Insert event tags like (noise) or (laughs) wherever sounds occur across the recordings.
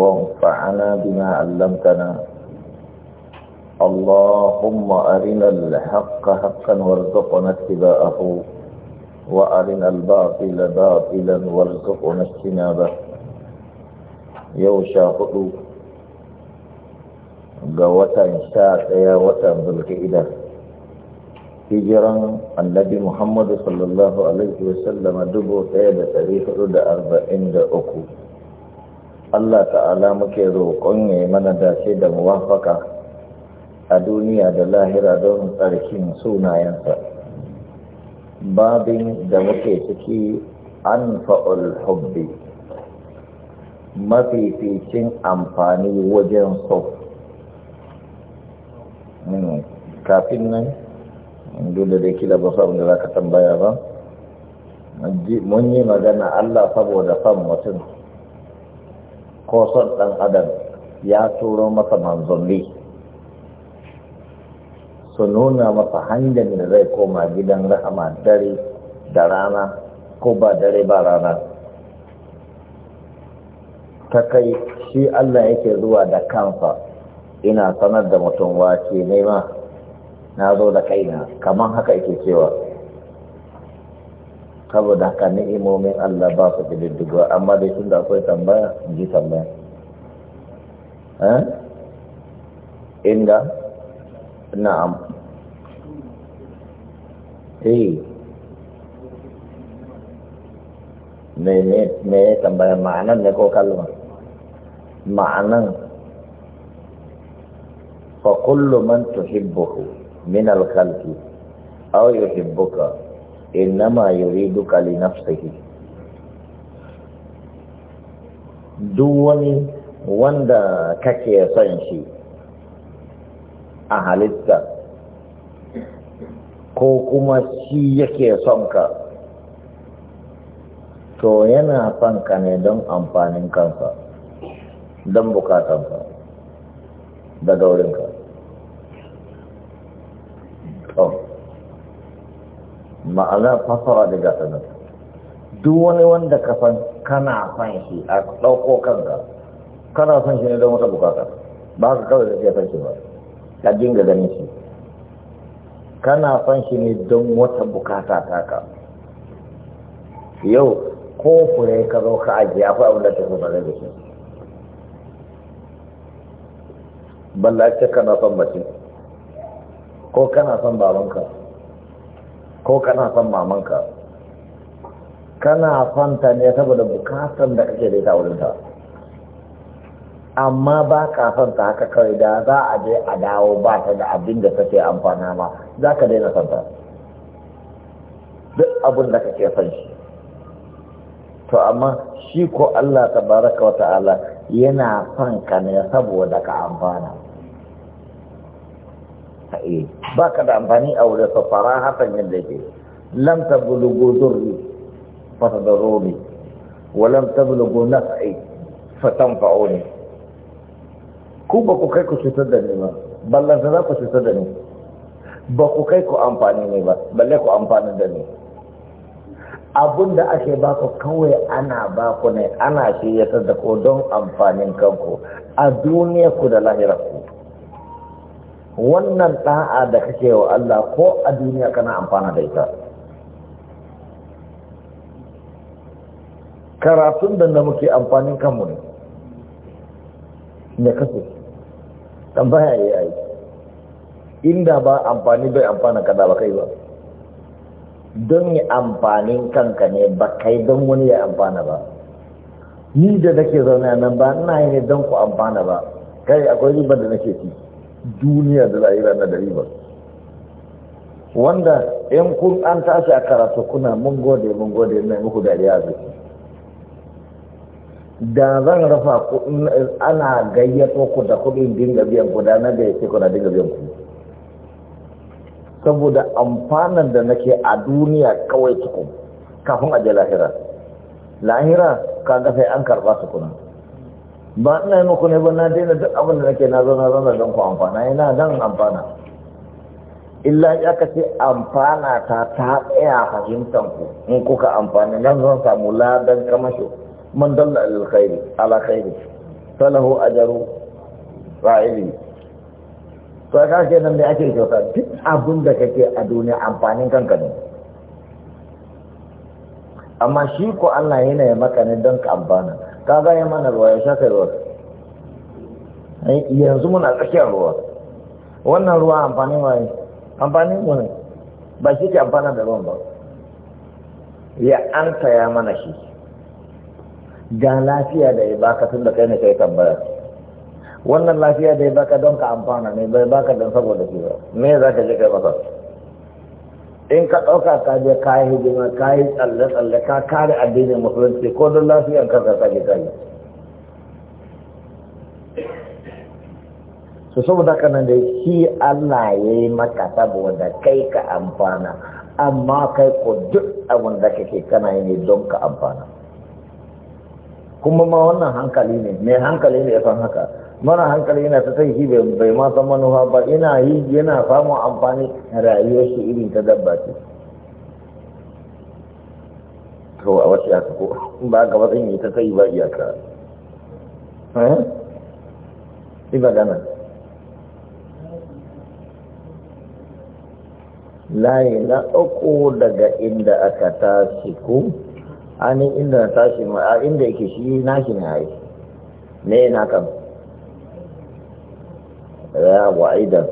وانفعنا بما علمتنا اللهم أرنا الحق حقا وارزقنا اتباعه وأرنا الباطل باطلا وارزقنا اجتنابه يوشا شاهد قوة شاك يا وطن بالكئدة هجرا النبي محمد صلى الله عليه وسلم دبو تيب تاريخ رد أربعين أكو Allah ta'ala muke roƙon ya yi mana dace da muwafaka a duniya da lahira don tsarkin sunayensa babin da muke ciki an fa'ul hubbi mafificin amfani wajen so hmm, kafin nan dole da kila ba sa da za ka tambaya ba mun yi magana Allah saboda son mutum ko son ɗan adam ya turo masa manzanni su nuna masa hanyar da zai koma gidan rahama dare da rana ko ba dare ba rana ta kai shi Allah yake zuwa da kansa ina sanar da mutum wace nema na zo da kaina kamar haka yake cewa saboda haka ni'imomin Allah ba su diddigo amma dai tun da akwai tambaya ji tambaya eh? inda na'am eh me me me tambaya ma'anan ne ko kalma ma'anan fa kullu man tuhibbu min al-khalqi aw yuhibbuka innama yuriduka li nafsihi duk wani wanda kake son shi a halitta ko kuma shi yake son ka to yana son ka ne don amfanin kansa don bukatansa da daurinka ma'ana fasara da gasa duk wani wanda ka san kana san shi a ɗauko kanka kana san shi ne don wata bukata ba ka kawai da ke san shi ba ka dinga ganin shi kana san shi ne don wata bukata ta ka yau ko fure ka zo ka ajiye akwai abin da ta zo bare da shi balla ce kana son mace ko kana son babanka ko kana son mamanka kana son ta ne saboda bukatan da kake da ita wurinta amma ba ka son ta haka kawai da za a je a dawo ba ta da abin da ke amfana ma za ka daina son ta duk abin da kake son shi to amma shi ko Allah tabaraka wa ta'ala yana son ka ne saboda ka amfana eh ba ka da amfani a wurin fa fara hasan yadda yake lam tablugu durri fa tadruni wa lam tablugu naf'i fa tanfa'uni ku ba ku kai ku cutar da ni ba ballan za ku cutar da ni ba ku kai ku amfani ne ba balle ku amfani da ni abun da ake ba ku kawai ana ba ku ne ana shiryatar da ku don amfanin kanku a duniya ku da lahirar ku wannan ɗa'a da kake wa Allah ko a duniya kana amfana da ita karatun da muke amfanin kanmu ne ne kasu tambaya ya yi inda ba amfani bai amfana kada ba kai ba don yi amfanin kanka ne ba kai don wani ya amfana ba ni da nake zaune nan ba ina yi ne don ku amfana ba kai akwai riba da nake ci duniya da lahira na da riba wanda yan kun an tashi a karatu kuna mun gode mun gode na muku dariya zuci da zan rafa ku ana gayyato ku da kuɗin dinga biyan ku da na gayyace ku na dinga biyan ku saboda amfanan da nake a duniya kawai tukun kafin a je lahira lahira ka sai an karɓa kuna. ba ina yi muku ne ba na daina duk abin da nake na zauna zauna don ku amfana yana dan amfana illa ya ka ce amfana ta ta tsaya fahimtar ku in kuka amfana nan zan samu ladan kamasho man dalla alkhairi ala khairi falahu ajaru ra'ili to ka ce nan da ake kyauta duk abin da kake a duniya amfanin kanka ne amma shi ko Allah yana yi maka ne don ka amfana ka gaya mana ruwa ya sha kai ruwa yanzu muna tsakiyar ruwa wannan ruwa amfanin waye amfani mu ne ba shi ke amfana da ruwan ba ya an taya mana shi ga lafiya da ya baka tun da kai ne kai tambaya wannan lafiya da ya baka don ka amfana ne bai baka don saboda shi ba me za ka je kai masa in ka ɗauka ka je ka yi hidima ka yi tsalle-tsalle ka kare addinin musulunci ko don lafiyar kanka ka je ka yi su saboda ka nan da shi Allah ya yi maka saboda kai ka amfana amma kai ko duk abin da kake kana yi ne don ka amfana kuma ma wannan hankali ne mai hankali ne ya san haka mara hankali yana ta sai shi bai ma san manufa ba ina yi yana samun amfani rayuwar shi irin ta dabba ce to a wasu yaka ko ba ga wasan yi ta sai ba iyaka eh iba gana layi na uku daga inda aka tashi ku ainihin inda na tashi ma a inda yake shi shi ne haifi ne na kan ya wa aidan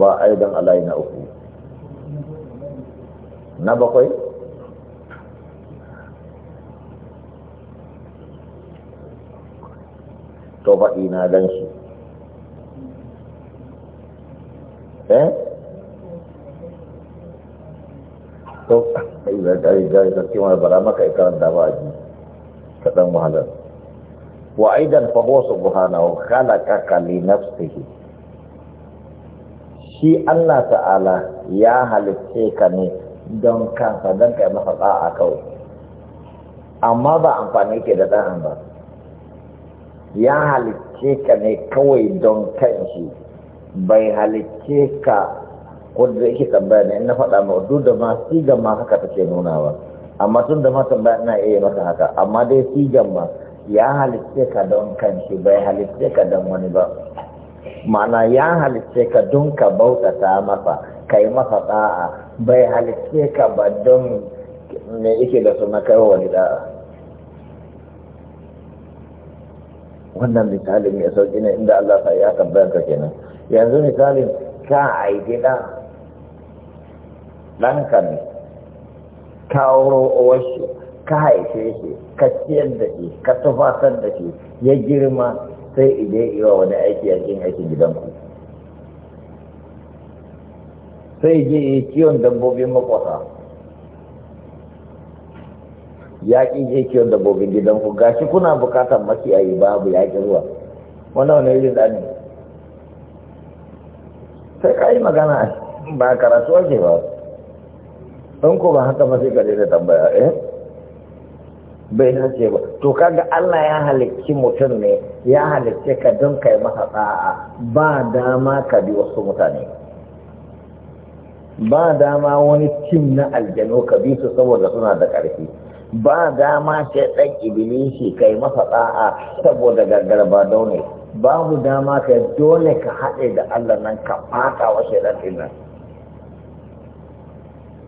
ba aidan alayi na uku na bakwai to baɗi na gan shi eh to sai da gari gari da cewa bara maka ikaranta ba ji ka dan wahalar wa aidan fa huwa subhanahu khalaqa li nafsihi shi Allah ta'ala ya halitte ka ne don kansa don kai masa da'a kawai amma ba amfani ke da ɗan ba ya halicce ka ne kawai don kanshi bai halicce ka ko da yake tambaya ne in na faɗa ma duk da ma sigan ma haka take nunawa amma tun da ma tambaya ina iya maka haka amma dai sigan ma ya halitta ka don kanshi bai halitta ka don wani ba ma'ana ya halitta ka don ka bauta ta masa ka yi masa da'a bai halitta ka ba don ne yake da suna kai wani da'a wannan misalin ya sauki ne inda Allah sa ya tabbayar ka kenan yanzu misalin ka yi gida. ɗanka ne ka wasu, ka haife shi ka ciyar da shi ka tufasar da shi ya girma sai ije iwa wani aiki a cikin aikin gidanku sai je yi kiyon dabbobin makwasa ya ƙi je kiyon dabbobin gidanku gashi kuna bukatar makiyayi babu ya ƙi ruwa wannan wani irin ɗani sai ka yi magana ba karatu ake ba don ko ba haka ba sai ka daina tambaya eh bai sace ba to kaga Allah ya halicci mutum ne ya halicce ka don kai masa da'a ba dama ka bi wasu mutane ba dama wani tim na aljano ka bi su saboda suna da ƙarfi ba dama sai ɗan ibilisi kai masa tsa'a saboda ba daune babu dama ka dole ka haɗe da Allah nan ka fata wa shaidan ɗin nan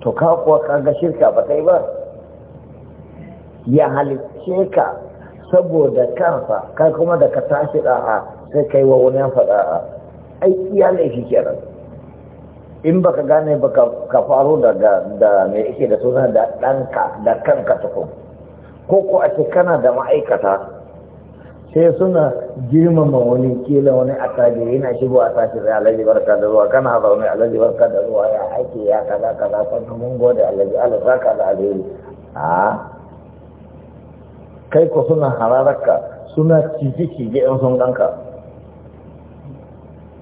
to ka kuwa kaga shirka ba kai ba ya halicce ka saboda kansa kai kuma da ka tashi da'a sai kai wa wani faɗa da'a ai iya laifi kenan in baka gane ba ka faro da da me yake da suna da ɗanka da kanka tukun ko ko a ce kana da ma'aikata sai suna girmama wani kila wani attajiri yana shigo a tashi sai alaji barka da zuwa kana zaune alaji barka da zuwa ya aiki ya kaza kaza kan mun gode alaji Allah saka da alheri a kai ko suna hararka suna cije cije in sun ganka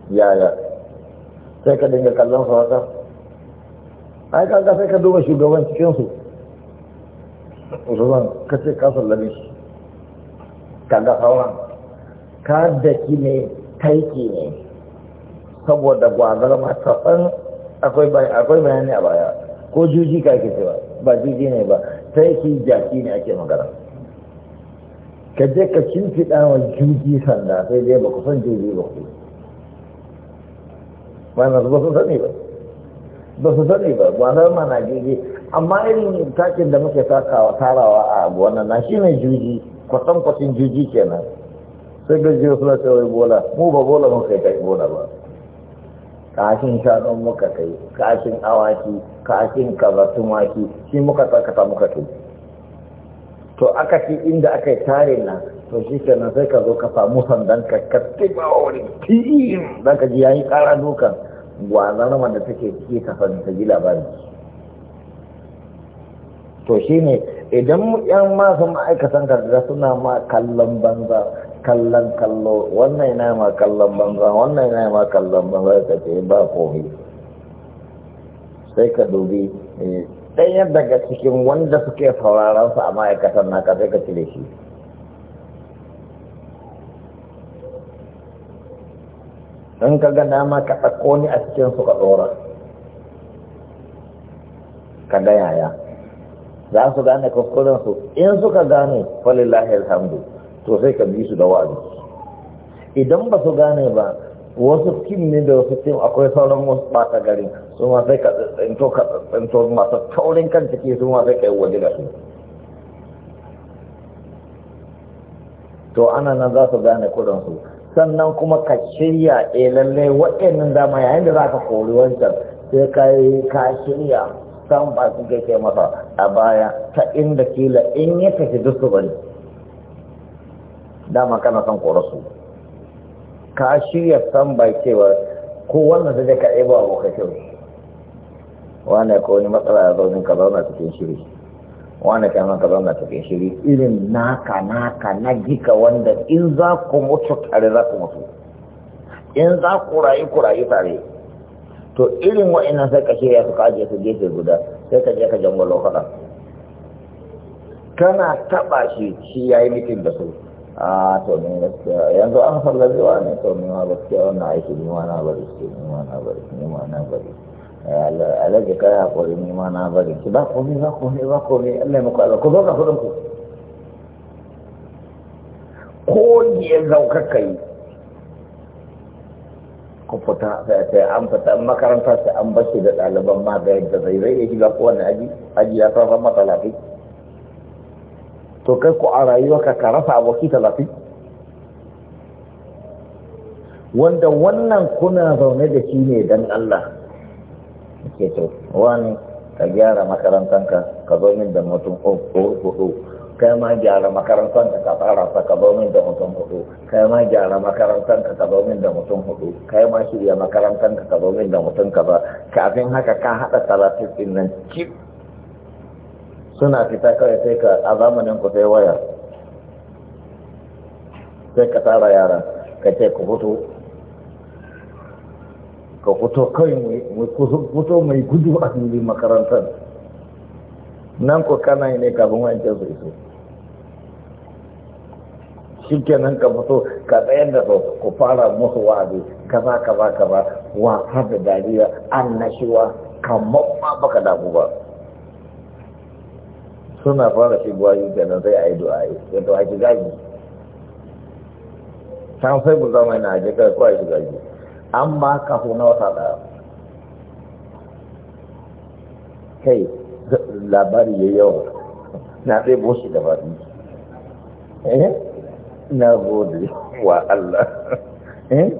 yaya sai ka dinga kallon su haka ai kaga sai ka duba shugaban cikin su ruwan kace ka sallame shi kaga sauran ka daki ne taiki ne saboda gwazar ma tafan akwai bayani a baya ko juji ka ke cewa ba juji ne ba taiki jaki ne ake magana ka je ka shimfiɗa wa juji sanda sai dai ba ku san juji ba ku ba na ba su sani ba ba su sani ba gwanar ma na juji amma irin takin da muke takawa tarawa a gwanar na shi ne juji kwatankwacin jiji kenan sai gajiya suna cewa bola mu ba bola mun kai kai bola ba kashin shanun muka kai kashin awaki kashin kazatun waki, shi muka tsakata muka kai to aka ci inda aka yi tarin nan to shi kenan sai ka zo ka samu sandan ka kaske ba wani tiyin za ka ji yayi kara dukan gwanar da take ciki ka sani ta ji labari to shi ne, idan yan masu ma'aikatan karda, suna ma kallon banza kallon kallo wannan yana ma kallon banza wannan yana ma kallon banza ka ce ba kofi sai ka dubi eh, ɗaya daga cikin wanda suke sauraron su a ma'aikatan ka sai ka cire shi in ka ga dama ka ɗauko ni a cikin su ka ɗora ka ga yaya za su gane kuskuren su in suka gane falillahi alhamdu to sai ka bi su da wa'azi idan ba su gane ba wasu kim ne da wasu tim akwai sauran wasu bata gari, su ma sai ka ka masu taurin kan ciki su ma sai ka yi waje da su to ana nan za su gane kudin su sannan kuma ka shirya eh lallai waɗannan dama yayin da za ka kori wancan sai ka yi ka shirya san ba su ke ce masa a baya ta inda kila in ya tafi duka ba ne. dama kana son korasu ka shirya san bai cewa ko wannan zai ka a boka kyau wane ko wani matsala ya zaunin ka zauna cikin shiri wane ka ka zauna cikin shiri irin naka naka na gika wanda in za ku mutu tare za ku mutu in za ku rayu ku rayu tare to irin wa'annan sai ka shirya su kaje su gefe guda sai ka je ka jangwalo lokala kana taɓa shi shi ya yi mitin da su a to ne yanzu an wa ne to ne ma gaskiya wannan aiki ne ma na bari shi ne ma na bari ne ma na bari eh, alaji kai haƙuri ne ma na bari ki ba komai ba komai ba komai Allah ya muku ku zo ka furin ku ko ya zaukaka yi ku fita sai an fita makaranta sai an bashi da ɗaliban ma ga yadda zai zai iya shiga kowane aji aji ya sarrafa ma talafi to kai ku a rayuwa ka rasa aboki talafi wanda wannan kuna zaune da shi ne dan Allah ke to wani ka gyara makarantanka ka zo min da mutum ko kai ma gyara makarantar ka ka fara sa ka min da mutum hudu kai ma gyara makarantar ka ka min da mutum hudu kai ma shirya makarantar ka ka min da mutum ka ba kafin haka ka hada talatin din nan cip suna fita kawai sai ka a zamanin ku sai waya sai ka tara yara ka ce ku fito ka fito kai mu fito mai gudu a cikin makarantar nan ko kana ne kafin wancan su iso shi kenan ka fito ka tsayar da su ku fara musu wa'azi kaza kaza kaza wasa da dariya annashiwa kamar ma baka damu ba suna fara buwa yi kenan sai a yi du'a'i wato a shiga ji can sai bu zama yana je kai ko a shiga ji an ba ka na wata da. kai labari ya yawa na ɗaya boshi gaba ɗaya eh? na gode wa Allah eh?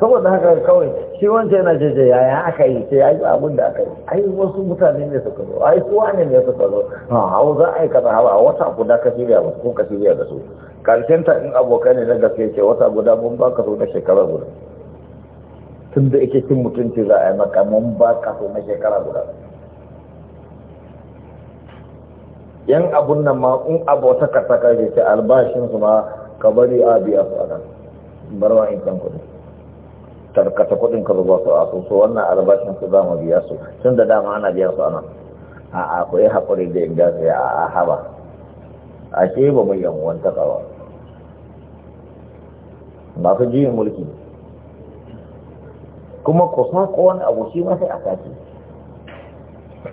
saboda haka kawai shi wancan yana ce yaya aka yi ce yi abin da aka yi ai wasu mutane ne suka zo ai su ne ne suka zo hau za a yi kaza hawa a wata guda ka shirya ba ko ka shirya da su karshen ta in abokai ne na gaske ce wata guda mun ba ka so na shekara guda tun da ake cin mutunci za a yi maka mun ba ka so na shekara guda yan abun nan ma in abota ka saka ke ce albashin su ma ka bari a biya su anan barwa in kan kuɗi tarkata kudin ka zuba su a su so wannan albashin su za mu biya su tun da dama ana biya su anan a yi haƙuri da inda sai a haba a ce ba mu yanwan ta kawa ba su ji mulki kuma ku ko wani abu shi ma sai a sake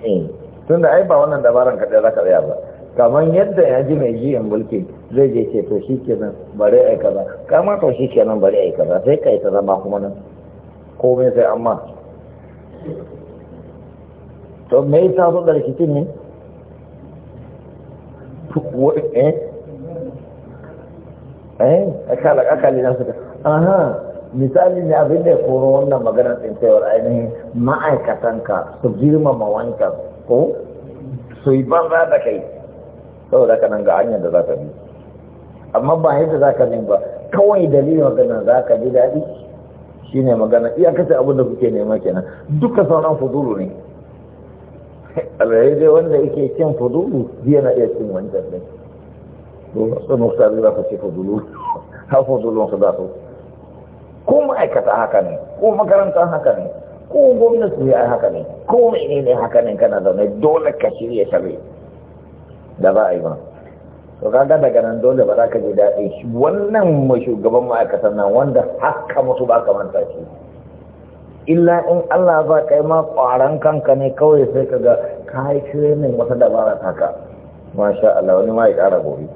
eh. tun da ai ba wannan dabaran kaɗai za ka tsaya ba kamar yadda ya ji mai jiyan mulki zai je ce to shi kenan bari a yi kaza kama to shi kenan bari a yi kaza sai ka yi ta zama kuma nan komai sai amma to me ya taso da rikicin ne eh eh akala akali na suka aha misali ne abin da ya koro wannan maganar tsintayar ainihin ma'aikatanka su girmama wancan ko su yi banza da kai saboda ka nan ga hanyar da za ka bi amma ba yadda za ka ba kawai dalilin magana za ka ji daɗi shi ne magana kasa abin da kuke nema kenan duka sauran fudulu ne alayi dai wanda yake cin fudulu biya na iya cin wani ɗin sun muktar za ku ce fudulu ha fudulun su za su ko ma'aikata haka ne ko makaranta haka ne ko gwamnati ya haka ne ko mene ne haka ne kana zaune dole ka shirya shari da ba a yi ba to kaga daga nan dole ba za ka ji daɗi wannan shugaban ma'aikatan nan wanda haka mutu ba ka manta shi illa in Allah ba kai ma ƙwaron kanka ne kawai sai ka ga ka yi training wata dabara ta ka masha Allah wani ma ya ƙara gobe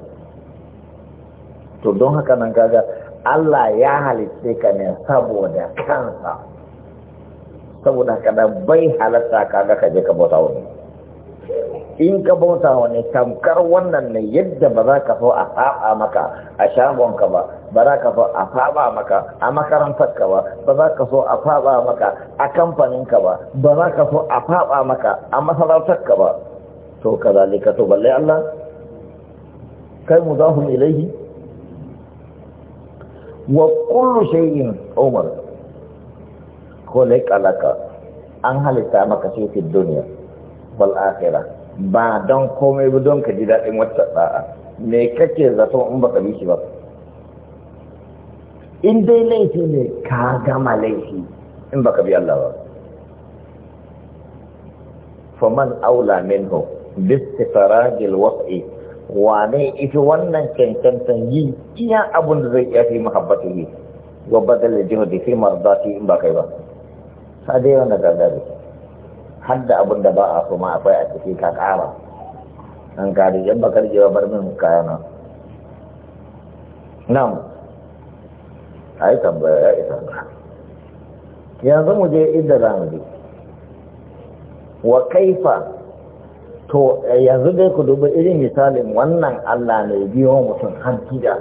to don haka nan kaga Allah ya halitta ka ne saboda kansa saboda haka da bai halatta kaga ka je ka bauta wani in ka bauta wani tamkar wannan ne yadda ba za ka so a saba maka a shagonka ba ba za ka so a saba maka a makarantar ka ba ba za ka so a saba maka a kamfanin ka ba ba za ka so a saba maka a ka ba to kazalika to balle Allah kai mu za mu ilaihi wa kullu shay'in umar khuliqa laka an halitta maka shi fi duniya wal akhirah ba don komai ba don ka ji daɗin wata da'a me kake zato in baka bi shi ba in dai laifi ne ka gama laifi in baka bi Allah ba faman aula minhu bistifarajil wa ne ita wannan cancantan yi iya abun da zai iya fi yi wa badal jihadi fi mardati in baka yi ba sai dai wanda gagare Hadda abin da ba a kuma akwai a ciki ka ƙara an kari yan bakar jewa bar min kayana nan a yi tambaya ya isa yanzu mu je inda za mu je wa kaifa to yanzu dai ku dubi irin misalin wannan allah ne biyo mutum har gida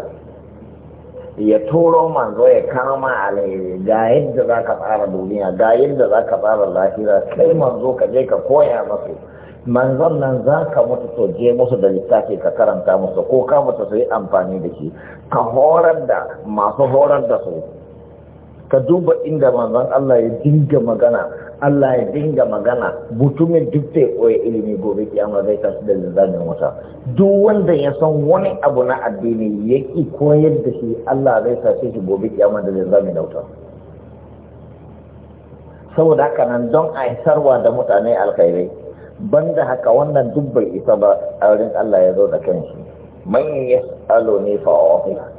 ya turo manzo ya kama alayi ga yadda za ka tsara duniya ga yadda za ka tsara lahira kai manzo ka je ka koya masu manzon nan za ka mutu to je musu da littafi ka karanta musu ko ka mutu su yi amfani da shi ka horar da masu horar da su ka duba inda manzon Allah ya dinga magana Allah ya dinga magana mutumin duk zai koya ilimi gobe kiyama zai tasu da zanen wata duk wanda ya san wani abu na addini ya koyar da shi Allah zai tasu shi gobe kiyama da zanen da wuta saboda haka nan don a sarwa da mutane alkhairai banda haka wannan duk bai isa ba a Allah ya zo da kanshi man yas'alu ni fa'afiya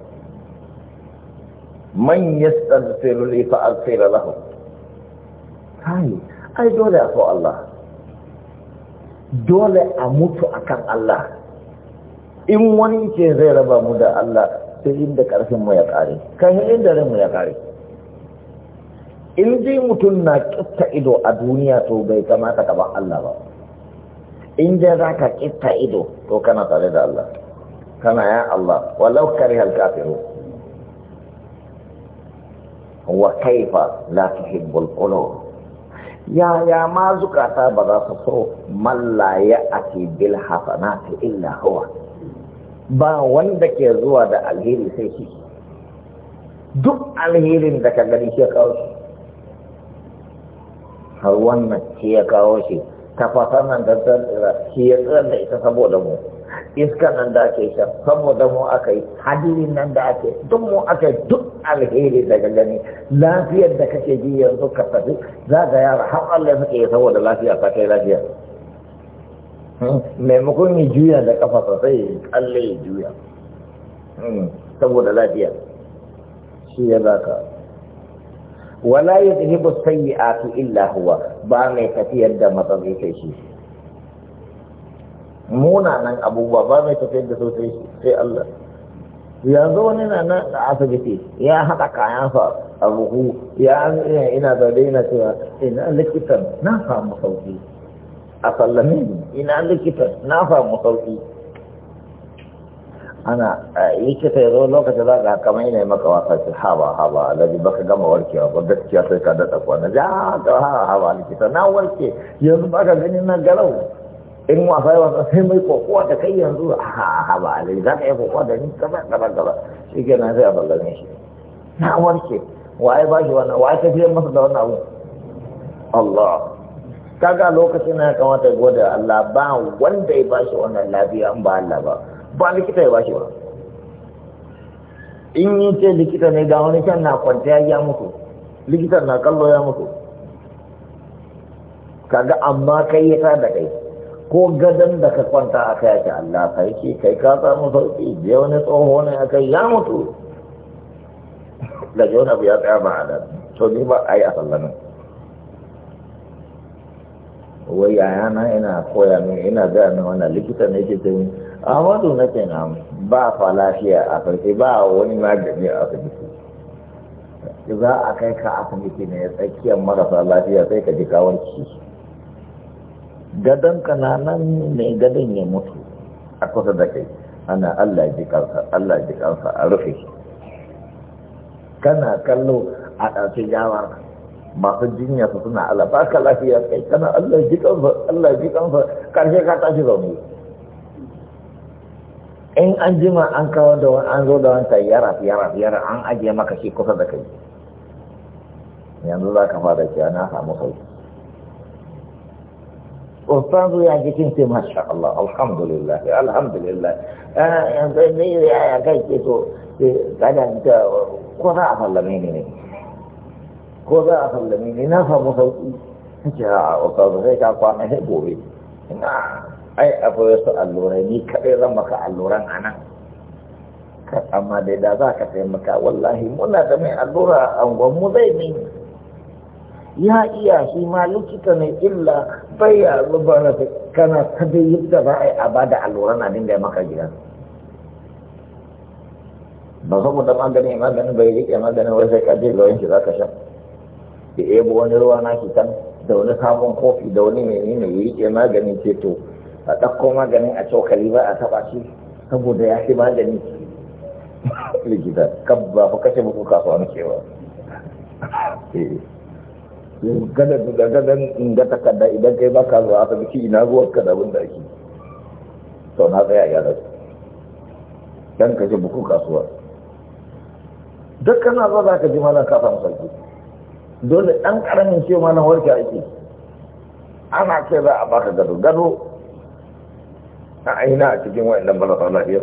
man yastaghfiru li fa aghfira lahu kai ai dole a so Allah dole a mutu akan Allah in wani ke zai raba mu da Allah sai inda karfin mu ya kare kai inda ran mu ya kare in dai mutum na kitta ido a duniya to bai kamata ka ba Allah ba in dai za ka kitta ido to kana tare da Allah kana ya Allah walau karihal kafirun wa kaifa la tuhibbul qulub ya ya ma zukata ba za su so a ake bil hasanati illa huwa ba wanda ke zuwa da alheri sai shi duk alherin da ka gani shi ya kawo shi har wannan shi ya kawo shi fasa nan da shi ya tsira da ita saboda mu iskan nan da ake sha saboda mu aka yi hadirin nan da ake duk mu aka yi duk alheri daga gani lafiyar da kake ji yanzu ka tafi za ga yara har Allah ya yi saboda lafiya ta kai lafiya hmm, maimakon ya juya da kafa sosai ya kalle ya juya hmm, saboda lafiya shi ya zaka wala yadhibu a illa huwa ba mai tafiyar da matsalai sai shi munanan abubuwa ba mai tafiyar da sosai sai Allah yanzu wani na nan a asibiti ya haɗa kayansa a ruhu ya ina da daina cewa ina likitan na samu sauki a sallame ina likitan na samu sauki ana likita ya zo lokacin za ka kamar yanayi maka wasa ce haba haba alaji baka gama warkewa ba gaskiya sai ka daɗa kwana ja ah, ka haba haba likita na warke yanzu baka gani na garau in wasa fa wasa sai mai kokowa da kai yanzu Aha ha ba alai za ka yi kokowa da ni gaba gaba gaba shi ke nan sai a ballame shi na warke waye ba shi wannan waye tafiyar masa da wannan abu Allah kaga lokacin na ya kamata gode Allah ba wanda ya bashi wannan lafiya in ba Allah ba ba likita ya bashi ba in yi ce likita ne ga wani can na kwanta ya mutu likitan na kallo ya mutu kaga amma kai ya ta da kai ko gadon da ka kwanta a kai ake Allah kai ce kai ka samu sauki je wani tsoho ne a kai ya mutu da wani abu ya tsaya ba a nan to ni ba a yi a sallanin wai yaya na ina koya ne ina gaya na wani likita ne ke ce a amadu na ke na ba fa lafiya a farki ba wani magani a asibiti za a kai ka asibiti ne tsakiyar marasa lafiya sai ka ji kawarki gadon kananan mai gadon ya mutu a kusa da kai ana Allah ji kansa Allah ji kansa a rufe kana kallo a ɗauki yawar masu jinya su suna Allah ba ka lafiya kai kana Allah ji kansa Allah ji kansa karshe ka tashi zaune in an jima an kawo da wani an zo da wani tayyara yara yara an ajiye maka shi kusa da kai yanzu za ka fara cewa na samu sauki ustazu ya ji kin ce masha Allah alhamdulillah alhamdulillah eh, ni ya kai ce to kada ta ko za a sallame ni ne ko a sallame ni na samu sauki ce a ustazu sai ka kwana ni kaɗai maka alluran a amma dai da za ka taimaka wallahi muna da mai allura a mu zai mini ya iya shi ma likita ne illa bai ya zuba kana ta dai yadda za a yi a ba da alluran abin da ya maka gida ba saboda magani maganin bai rike maganin wai sai ka je ga wanki za ka sha ki ebo wani ruwa na ki kan da wani sabon kofi da wani menene ya rike maganin ce to a ɗauko maganin a cokali ba a taɓa shi saboda ya fi magani (laughs) likita kabba fa kashe muku kasuwa na cewa (laughs) kada da gadan in ga takarda idan kai baka zuwa a biki ina zuwa ka da abin da ake to na tsaya ya da dan kaje buku kasuwa duk kana zo za ka ji malam ka samu sauki dole dan karamin ce malam warke ake ana ce za a baka gado gado a aina a cikin wa'annan marasa lafiya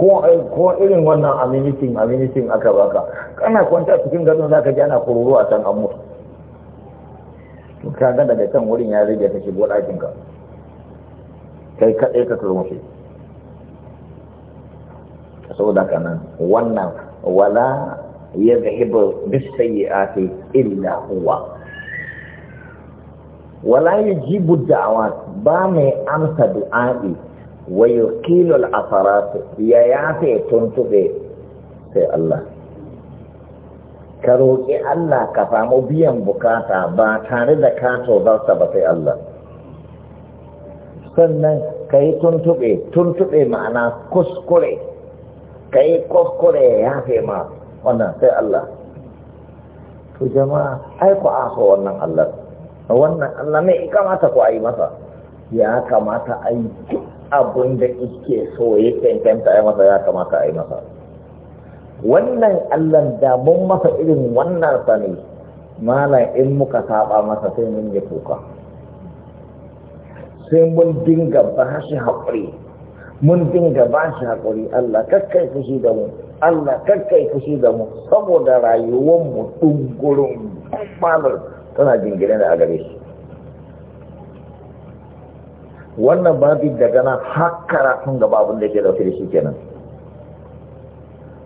Eh, ko irin wannan aminitin aminitin aka baka kana kwanta cikin gadon ka ji ana kururu a can an mutu ka ga daga can wurin ya rage ta shigo ɗakinka kai kaɗai ka turmushe saboda ka nan wannan wala ya zahibu bisayyi'ati illa huwa wala yajibu da'awat ba mai amsa du'a'i wayo kilol al-afarat ya yafe tuntube sai Allah ka roƙi Allah ka samu biyan bukata ba tare da ka tozarsa ba sai Allah sannan ka yi tuntube tuntube ma'ana kuskure ka yi kuskure ya fi ma wannan sai Allah to jama'a ai ku aso wannan Allah wannan Allah mai ikamata ku a yi masa ya kamata a yi duk abin da ike so ya cancanta ya masa ya kamata a yi masa wannan allon da masa irin wannan sani malam in muka saba masa sai mun yi kuka sai mun dinga ba shi haƙuri mun dinga ba shi haƙuri allah kakkai fushi da mu allah kakkai fushi da mu saboda rayuwar mu ɗungurin malam tana jingine da a gare shi wannan babi daga nan har karatun gaba abin da ke dauke da shi kenan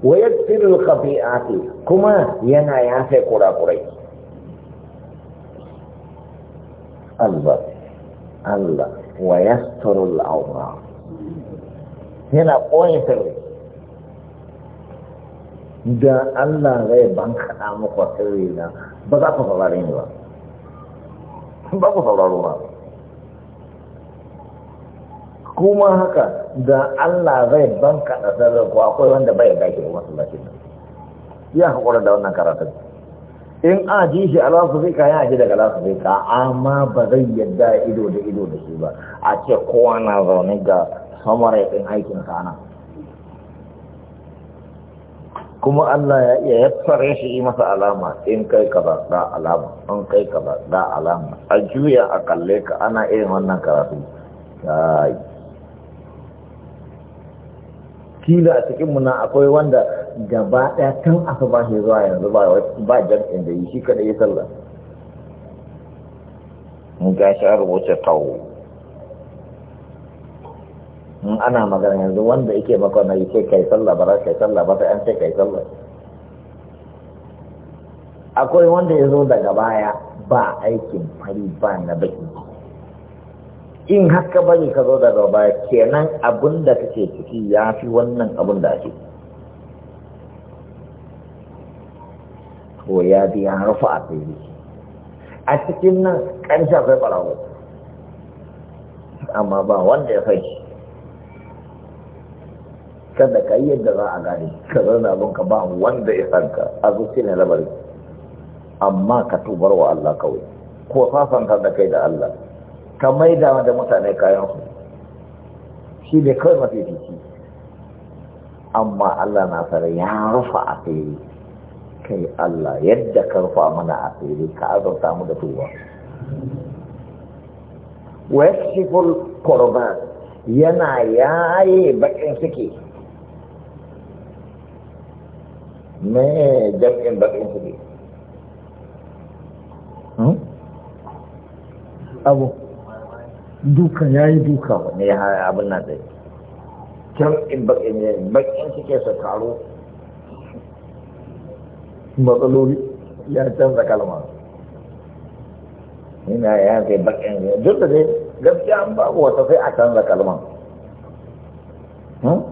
wa kafi khati'ati kuma yana ya kura kurakurai Allah Allah wa yasturul awra yana koyin sirri da Allah zai bankaɗa muku sirri na ba za ku saurare ni ba ba ku sauraro ba kuma haka da Allah zai banka da sarrafa akwai wanda bai da ke wasu lafi ya haƙura da wannan karatun in a ji shi a lasu zai kayan aji daga lasu zai ka amma ba zai yadda ido da ido da shi ba a ce kowa na zaune ga samara ɗin aikin kana kuma Allah ya iya yassare shi yi masa alama in kai ka ba da alama in kai ka ba da alama a juya a kalle ka ana irin wannan karatu kila a cikin muna akwai wanda gaba ɗaya tun aka ba shi zuwa yanzu ba jam'in da yi shi kaɗai ya sallah mun ga shi a rubuce kawo in ana magana yanzu wanda yake maka na yake kai sallah ba kai sallah ba sai an ce kai sallah akwai wanda ya zo daga baya ba aikin fari ba na baki in haka bari ka zo daga baya kenan abin da kake ciki ya fi wannan abin da ake to ya bi ya rufa a fili a cikin nan ƙarshe sai ɓarawo amma ba wanda ya fai kada ka yi yadda za a gane ka zo abin ka ba wanda ya sanka a zuci ne labari amma ka tubar wa Allah kawai ko sasantar da kai da Allah ka maida da mutane kayansu shi ne kawai mafifici amma Allah na fara ya rufa asiri kai Allah yadda ka rufa mana a asiri ka azauta mu da tuwa washiful qurban yana yaye bakin suke me jam'in bakin suke hmm? abu duka ya yi duka wani ya haya abin nan dai can bakin suke su karo matsaloli ya canza kalma ina ya kai bakin duk da dai gaskiya an babu wata sai a canza kalman hmm?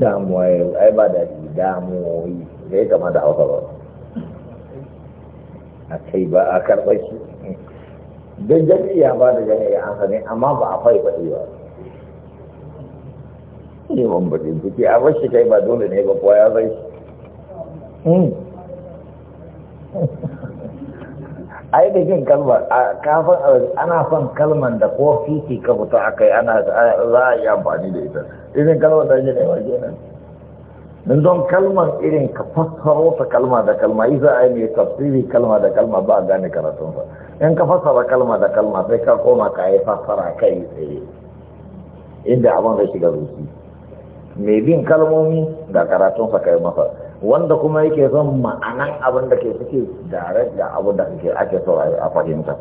damuwa ya ai ba da damuwoyi zai kama da hausa ba a kai ba a karɓar shi don jami'a ya ba da jami'a an sani amma ba a fai ba ba ne ban baɗin fiti a bashi kai ba dole ne ba kuwa ya zai hmm. (laughs) ai da jin kalmar kafin ana son kalmar da ko fiti ka fito a kai ana za a yi amfani da ita irin kalmar da ne ba kenan nan don kalmar irin ka fassaro ta kalma da kalma yi za a yi mai tafsiri kalma da kalma ba a gane ba in ka fassara kalma da kalma sai ka koma ka yi fassara kai tsaye inda abin zai shiga zuci mai bin kalmomi da karatun sa kai masa wanda kuma yake son ma'anan abin da ke suke dare da abin da ke ake so a fahimta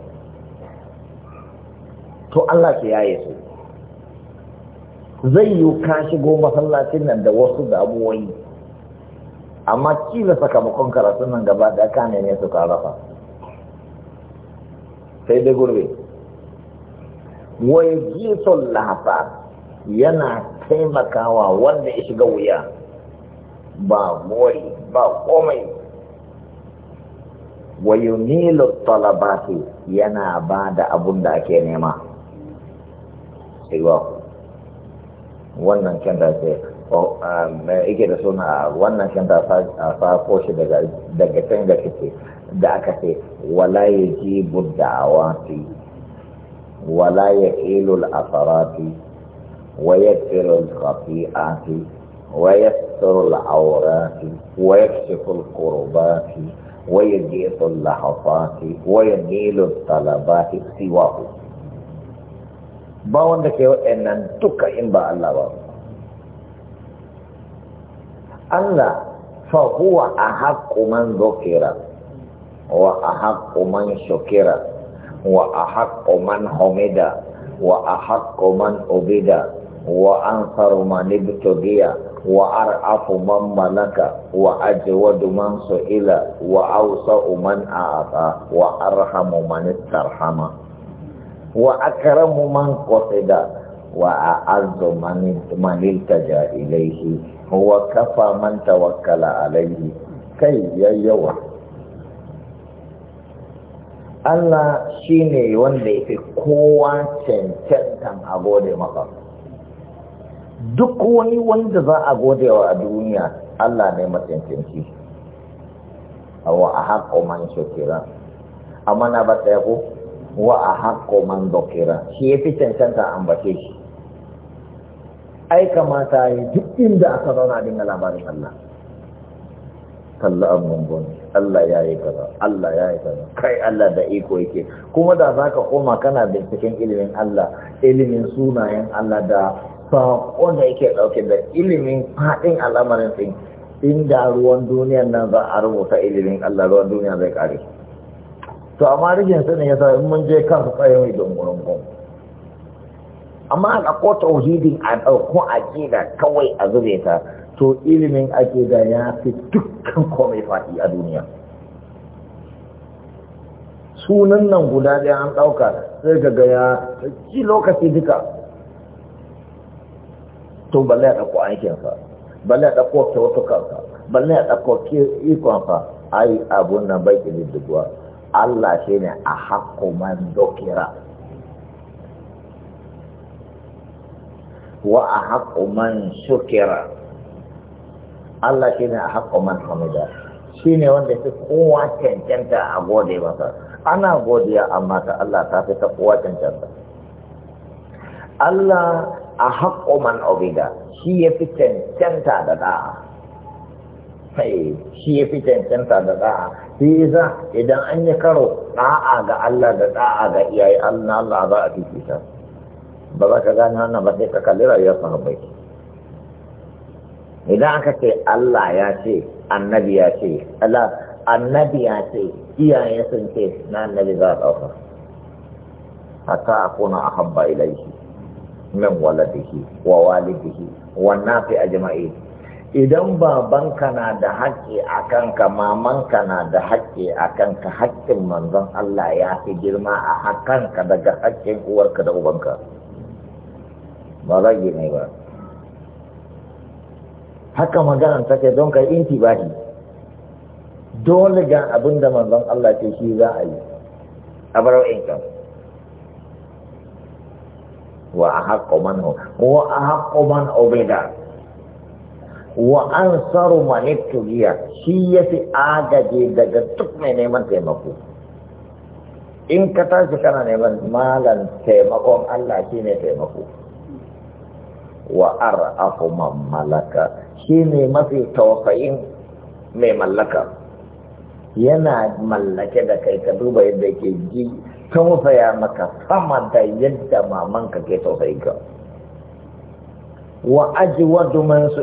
to Allah ke yaye su zai yi ka shigo masallacin nan da wasu da abuwai amma kila sakamakon karatun nan gaba da kane ne su ka rafa sai dai gurbe wai jisun lafa yana taimakawa wanda ya shiga wuya ba mori ba komai wayo nilo talabati yana ba da abun da ake nema wannan can da ce ike oh, um, da suna wannan can a fako koshi daga can da kike da aka ce wala ya ji budda'awati wala ya ilul asarati wa ya tsirul khafi'ati wa ya tsirul aurati wa ya tsirul kurbati wa ya jefin lahafati wa ya nilu talabati siwa ku ba wanda ke waɗannan duka in ba Allah ba Allah fa huwa a haƙƙu man zokira wa ahaqqu man shukira wa ahaqqu man humida wa ahaqqu man ubida wa ansaru man ibtugiya wa ar'afu man malaka wa ajwadu man su'ila wa awsa'u man a'ata wa arhamu man istarhama wa akramu man qasida وأعز من من التجا إليه هو كفى من توكل عليه كي يوحى Allah shi ne wanda ya fi kowa cancantan a gode maka duk wani wanda za a gode wa a duniya Allah ne matsancanci wa a haƙo man shakira amma na ba ta yako wa a haƙo man dokira shi ya fi cancanta bace shi ai kamata yi duk inda aka zauna dinga labarin Allah talla abubuwan Allah ya yi kaza Allah ya yi kaza kai Allah da iko yake kuma da za ka koma kana binciken ilimin Allah ilimin sunayen Allah da saƙon da yake ɗauke da ilimin faɗin al'amarin ɗin inda ruwan duniyan nan za a rubuta ilimin Allah ruwan duniya zai ƙare to amma rigin sani ya in mun je kan tsayin don gurin amma a ɗauko tauhidin a ɗauko aƙida kawai a zube ta to ilimin aƙida ya fi dukkan komai faɗi a duniya sunan nan guda ɗaya an ɗauka sai ga ya ci lokaci duka to balle a ɗauko aikinsa balle a ɗauko kyautukansa balle a ɗauko ikonsa ai abun nan bai ƙididdigwa Allah shi ne a hakuman dokira wa a hakuman shukira Allah shine a haƙƙo man hamida shine wanda fi kowa cancanta a gode masa ana godiya amma ta Allah ta fi ta kowa cancanta Allah a haƙƙo man obida shi ya fi cancanta da da'a shi ya fi cancanta da da'a shi za idan an yi karo da'a ga Allah da da'a ga iyaye Allah za a fi ta ba za ka gane wannan ba sai ka kalli rayuwar sahabbai idan aka ce Allah ya ce annabi ya ce Allah annabi ya ce iyaye sun ce na annabi za a ɗauka hatta a kuna a habba ilaihi min waladihi wa walidihi wa nafi ajma'i idan babanka na da haƙƙi a kanka mamanka na da haƙƙi a kanka haƙƙin manzon Allah ya fi girma a hakanka daga haƙƙin uwarka da ubanka ba zagi ne ba haka maganan kai don kai shi dole ga abin da manzon Allah ce shi za a yi a barau in kan wa a haƙo man wa a haƙo man obeda wa an tsaro manittugiya shi ya fi agaje daga duk mai neman taimako in ka tashi kana neman malan taimakon Allah shi ne taimako wa ar'afu man malaka shi ne mafi tausayin mai mallaka yana mallake da kai ka duba yadda ke ji tausaya maka sama da yadda mamanka ke tausayin ka wa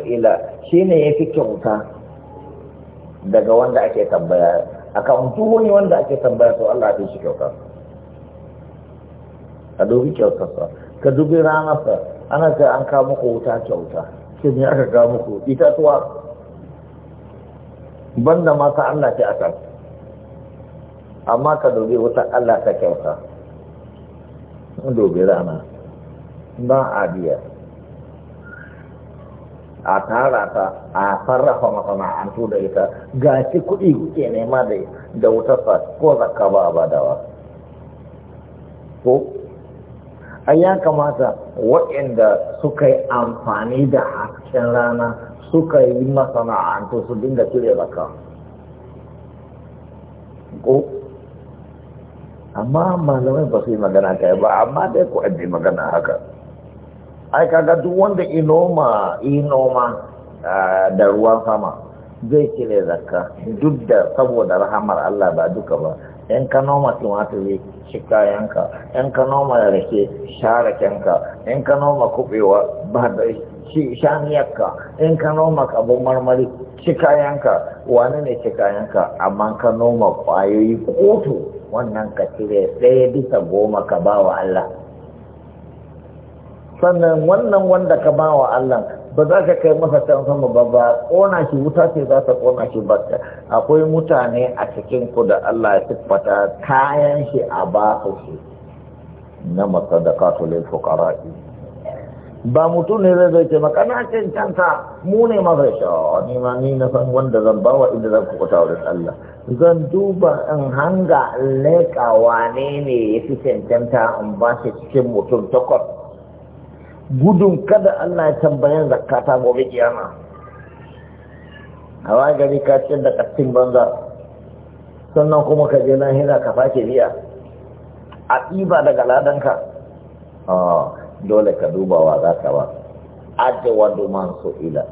ila shi ne ya fi kyauta daga wanda ake tambaya a duk wani wanda ake tambaya to Allah ya shi kyauta ka dubi kyautarsa ka dubi ranarsa ana ce an kawo muku wuta kyauta shi ne aka ga muku itatuwa banda mata Allah ce aka amma ka dobe wata Allah ta kyauta dobe rana ba a biya a tara ta a sarrafa masana'antu da ita ga shi kuɗi kuke nema da wutarsa ko zakka ba a badawa ko ai ya kamata waɗanda suka yi amfani da hasken rana suka yi masana'antu su dinga cire baka ko amma malamai ba su yi magana kai ba amma dai ku ajiye magana haka ai kaga duk wanda inoma inoma da ruwan sama zai cire zakka duk da saboda rahamar Allah ba duka ba in ka noma tumatiri shi kayanka in ka noma rake sha rakenka in ka noma kubewa ba da shi shaniyarka in ka noma abun marmari shi kayanka wani ne shi kayanka amma ka noma kwayoyi kotu wannan ka cire ɗaya bisa goma ka ba wa Allah sannan wannan wanda ka ba wa Allah ba za ka kai masa can sama ba ba kona shi wuta ce za ta kona shi ba akwai mutane a cikin ku da Allah ya siffata kayan shi a ba su shi na masadaqatu lil fuqara'i ba mutum ne zai zai ce maka na cancanta mu ne zai shawa ni ma ni na san wanda zan bawa inda zan kukuta wurin Allah zan duba in hanga leƙa wane ne ya fi cancanta in ba shi cikin mutum takwas gudun kada Allah ya tambayan zakata gobe kiyama a gari ka ce da kattin banza sannan kuma ka je hira ka sake biya a ɗiba daga ladanka dole ka duba wa za ka ba ajewa domin su ila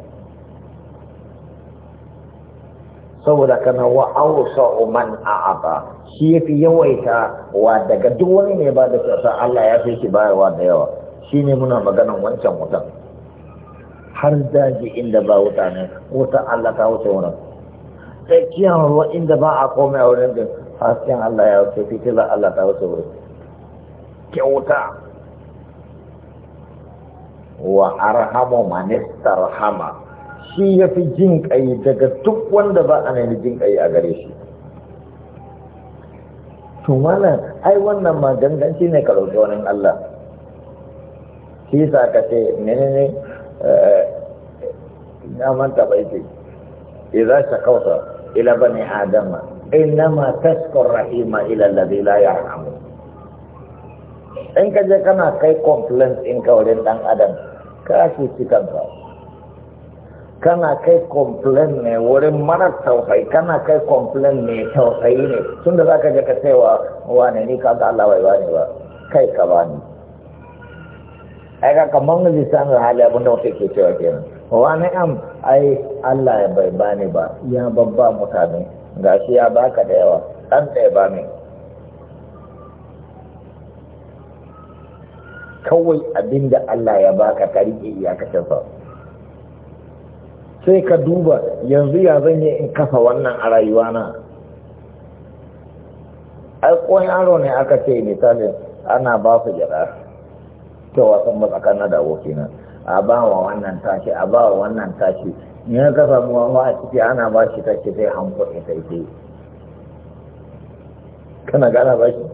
saboda kana wa sauman a a'ata shi ya fi yawaita wa daga duk wani ne ba da kyauta Allah ya fi shi bayarwa da yawa Shi ne muna maganan wancan wutan har daji inda ba wuta ne wuta Allah ta wuce wurin tsakiyar ruwa inda ba a komai a wurin din hasken Allah ya wuce fitila Allah ta wuce wurin kyauta wa arhamu manistar hama shi ya fi jin ƙai daga duk wanda ba a nemi jin ƙai a gare shi tun wannan ai wannan ma ganganci ne ka ɗauki wani Allah shi ka ce menene eh, na manta bai ce idza kausa ila bani adama innama tashkur rahima ila alladhi la yarhamu in ka je kana kai complaints in ka wurin dan adam ka shi cikin ka kana kai complaint ne wurin marar tausayi kana kai complaint ne tausayi ne tunda zaka je ka cewa wane ni ka ga Allah bai bani ba kai ka bani ai ga kaman da hali abin da wata ke cewa ke wa wani am ai Allah ya bai bani ba ya babba mutane gashi ya baka da yawa dan ɗaya ba ne kawai abin da Allah ya baka ka rike iyakacin sa sai ka duba yanzu ya zan yi in kafa wannan a rayuwana ai ko yaro ne aka ce misalin ana ba su gyaɗa cewa san matsakana da na a ba wa wannan tashi a ba wa wannan tashi Ni ya kafa wa a ciki ana ba shi tashi zai hankali sai dai kana gana ba shi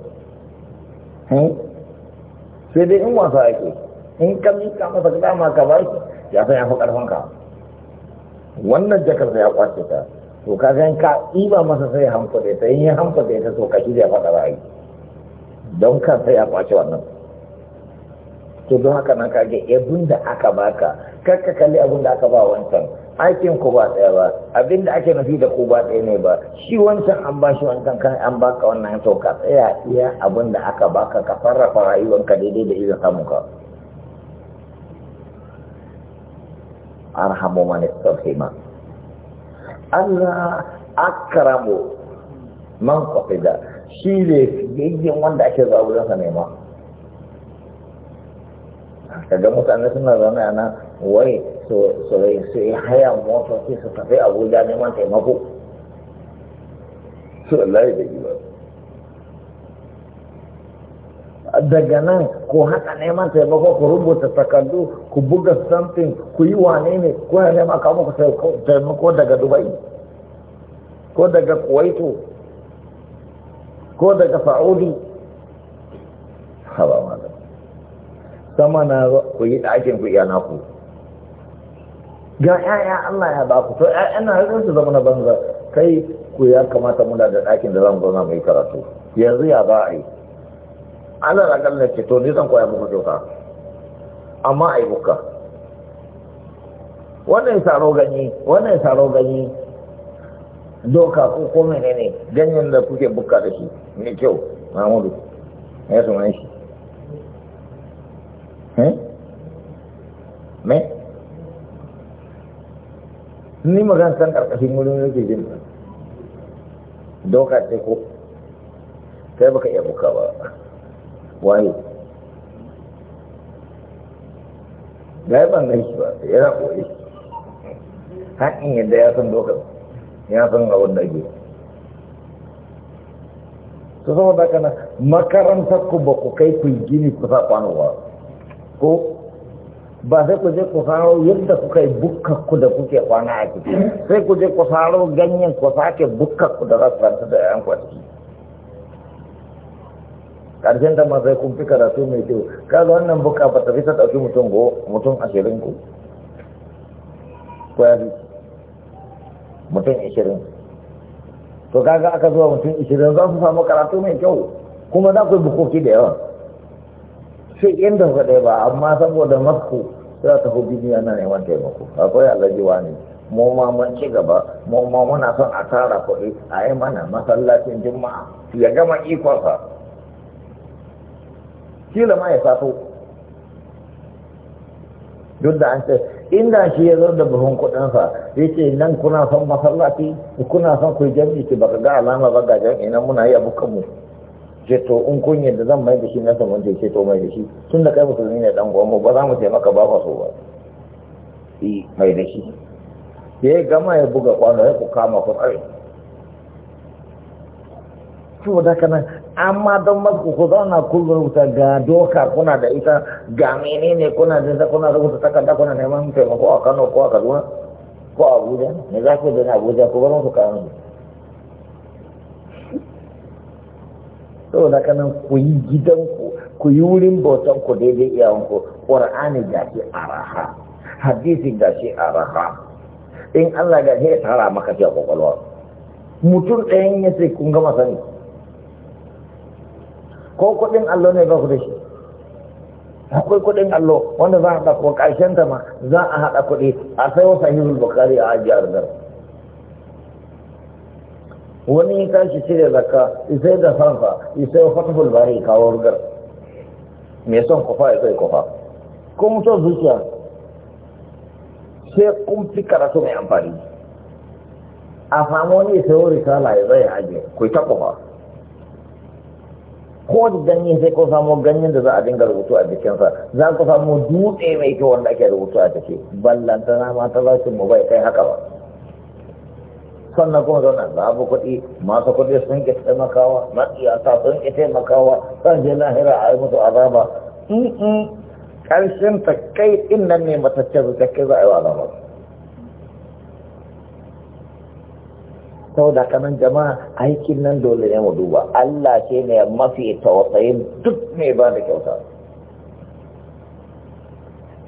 eh? sai dai in wasa ake in ka mika masa dama ka ba shi ya san ya fi karfin ka wannan jakar sai ya kwace ta to ka ga ka ɗiba masa sai hankali ta in ya hankali ta to ka shi zai faɗa ra'ayi don ka sai ya kwace wannan to don haka na kage abin da aka baka karka kalli abin da aka ba wancan aikin ku ba ɗaya ba abin da ake nufi da ku ba ɗaya ne ba shi wancan an ba shi wancan kan an baka wannan to ka tsaya iya abin da aka baka ka sarrafa rayuwanka daidai da izin samun ka arhamu man Allah akramu man qafida shi ne gaggen wanda ake zuwa wurin sa nema daga mutane suna zaune yana wai su yi haya motoci su tafi abuja neman taimako su wallahi da ba daga nan ko haka neman taimako ku rubuta takardu ku buga samfin ku yi wane ne ko ya nema kamun ku taimako daga dubai ko daga kuwaito ko daga fa'udi haba sama na ku yi ɗakin ku iya naku ga 'ya'ya Allah ya ba ku to ya'yan na har su zama na banza kai ku ya kamata muna da ɗakin da zamu zauna mai karatu yanzu ya ba a yi ana da kallon ce to ni zan koya muku kyauta amma a yi buka wannan saro gani wannan saro gani doka ko ko menene ganyen da kuke buka da shi ne kyau mahmudu ya sunan shi me ni magana san kasih mulu yake jin doka ce ko kai pakai ya buka ba waye ga bangga gan shi ba yana koyi har in yadda ya san dokar ya san abin tak ake to saboda kana makarantar ku ba ku kai ku gini ku sa kwano ba ko ba sai ku je ku faro yadda kuka yi bukkakku da kuke kwana a ciki sai ku je ku faro ganyen ku sake bukkakku da za da yan kwanci ƙarshen ta ma sai kun fi karatu mai kyau kaga wannan bukka ba ta fi ta ɗauki mutum go mutum ashirin ku ko ya mutum ashirin to kaga aka zuwa mutum ashirin za su samu karatu mai kyau kuma za ku yi bukoki da yawa sai inda faɗe ba amma saboda makku za ta hobi ne ana neman taimako akwai alajiwa wani mu ma mun ci gaba mu ma muna son a tara kuɗi a yi mana masallacin juma'a ya gama ikonsa kila ma ya sato duk da an ce inda shi ya zo da buhun kuɗinsa ya ce nan kuna son masallaci kuna son ku jami'i ki baka ga alama ba ga jami'i nan muna yi abu kanmu ce to in kun yadda zan mai da shi na saman ce to mai da shi tun da kai musulmi ne dan gwamo ba za mu ce ba ba so ba yi mai da shi ya gama ya buga kwano ya ku kama ku tsare da kana amma don masu ku zauna kullum rubuta ga doka kuna da ita ga menene kuna da kuna rubuta takarda kuna neman taimako a Kano ko a Kaduna ko a Abuja ne za ku da Abuja ku bar musu kanu. saboda kanan ku yi gidanku ku yi wurin bautan ku daidai iyawanku ƙwar'ani ga shi araha hadisi ga shi araha in Allah ga ya tara maka shi kwakwalwa mutum ɗayan ya ce kun gama sani ko kuɗin Allah ne ba ku da shi akwai kuɗin allo wanda za a haɗa ko ƙarshen ta ma za a haɗa kuɗi a sai wasa hizul bukari a ajiyar gara wani ya tashi cire zakka isai da sansa, isai fatahul bari kawo rugar mai son kufa ya sai kufa ko mutum zuciya sai kun fi karatu mai amfani a samu wani ya sayo risala ya zai aje ku ta kufa ko da ganye sai kun samu ganyen da za a dinga rubutu a jikinsa za ku samu dutse mai kyau wanda ake rubutu a jiki ballantana ma ta za mu bai kai haka ba sannan kuma zauna babu kuɗi masu kuɗi sun ke taimakawa matsiyata sun ke taimakawa san je lahira a yi musu azaba in ƙarshen ta kai in nan ne matacce su kakke za a yi wa azaba sau da kanan jama'a aikin nan dole ne mu duba Allah ce ne mafi tausayin duk mai ba da kyauta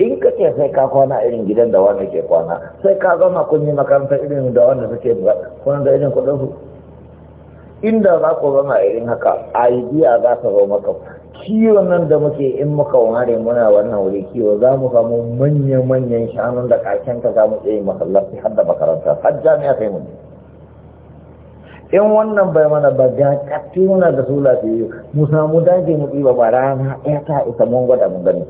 in ka ce sai ka kwana irin gidan da wanda ke kwana sai ka zama kun yi makarantar irin da wanda suke kwana da irin kudansu. inda za ku zama irin haka idea za ta zo maka kiwo nan da muke in muka ware muna wannan wuri kiwo za mu samu manya-manyan shanun da ƙarshen ka za mu tsaye masallaci har da makaranta har jami'a sai mu in wannan bai mana ba ga katuna da su lafiyu mu samu daji mu ɗiba ba rana ɗaya ta isa mun gwada mun gani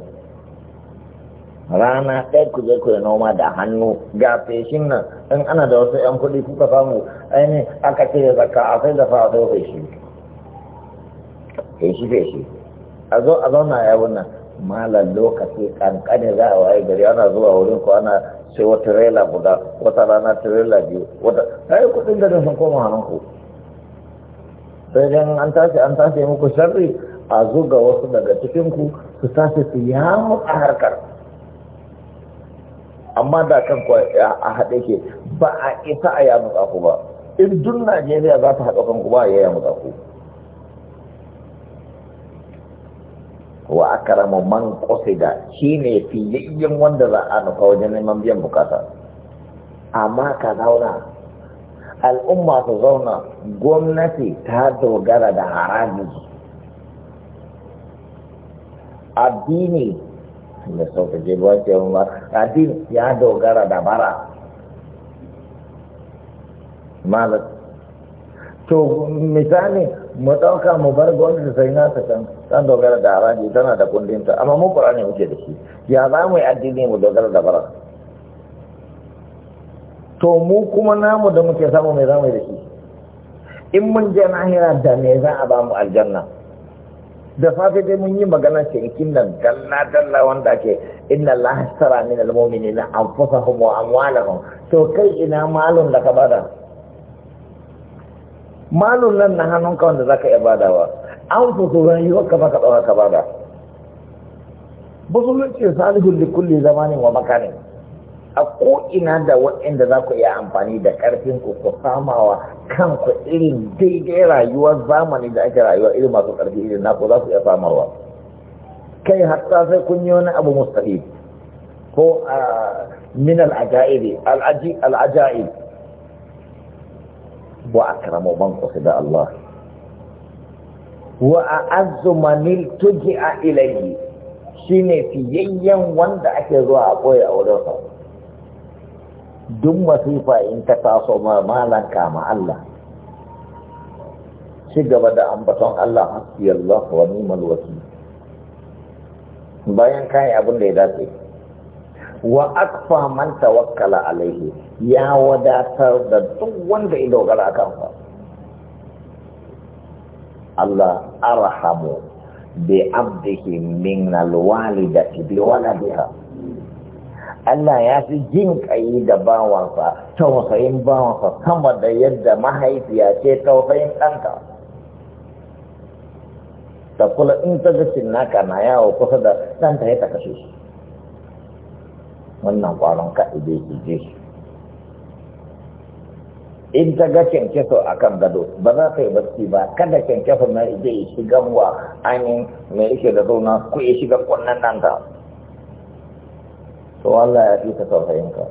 rana ɗaya ku je ku yi noma da hannu ga feshin nan in ana da wasu 'yan kuɗi kuka samu aini aka ce zaka a sai da a sai feshi feshi feshi a zo a zauna ya wannan malam lokaci kankane za a waye gari ana zuwa wurin ku ana sai wata rela guda wata rana tirela biyu wata ai kuɗin garin sun koma hannun ku sai dan an tashi an tashi muku sharri a zuga wasu daga cikinku su tashi su yamu a harkar amma da kan ku a haɗe ke ba a ita a yamu ku ba in dun najeriya za ta haɗa kanku ba a yamu ku wa karama man shi ne fiyayyen wanda za a nufa wajen neman biyan bukata amma ka zauna al'umma su zauna gwamnati ta dogara da haraji addini da je ba ke ba. kafin ya dogara da bara malat to misali mu ɗauka mu bar gwamnati sai na ta can ta dogara da haraji tana da kundinta amma mu ne muke da shi ya za mu yi addini mu dogara da bara to mu kuma namu da muke samu mai za mu yi da shi in mun je nahira da me za a ba mu aljanna da safe dai mun yi magana cinikin nan dalla dalla wanda ake inna Allah tara min almu'minina anfusahum wa amwalahum to kai ina malun da ka bada malun nan na hannunka wanda zaka iya badawa an fito rayuwar ka kafa dawa ka bada musulunci salihun li kulli zamanin wa makanin a ko ina da waɗanda za ku iya amfani da ƙarfin ku ku samawa kanku irin daidai rayuwar zamani da ake rayuwa irin masu ƙarfi irin naku za su iya samarwa kai hatta sai kun yi wani abu mustahil ko min al'ajaibi al'ajaib wa akramu man qasida Allah wa a'azzu man iltuji'a ilayhi shine fiyayyen wanda ake zuwa a koya a wurin sa duk masifa in ta taso ma malan kama Allah ci gaba da ambaton Allah haski Allah wa ni'mal wakil bayan kai abin da ya dace wa akfa man tawakkala alaihi ya wadatar da duk wanda ya dogara akan sa Allah arhamu bi abdihi min alwalidati bi waladiha Allah ya fi jin ƙayi da bawansa tausayin bawansa sama da yadda mahaifiya ce tausayin ɗanka. ta kula in ta ga naka na yawo kusa da ɗanta ya ta kashe shi wannan ƙwaron ka'ide ki je shi in ta ga kyankyaso a kan gado ba za ta yi barci ba kada kyankyaso na ije shigan wa ainihin mai ishe da zauna ku ya shiga ƙwannan ɗanta to Allah ya fi ka tausayinka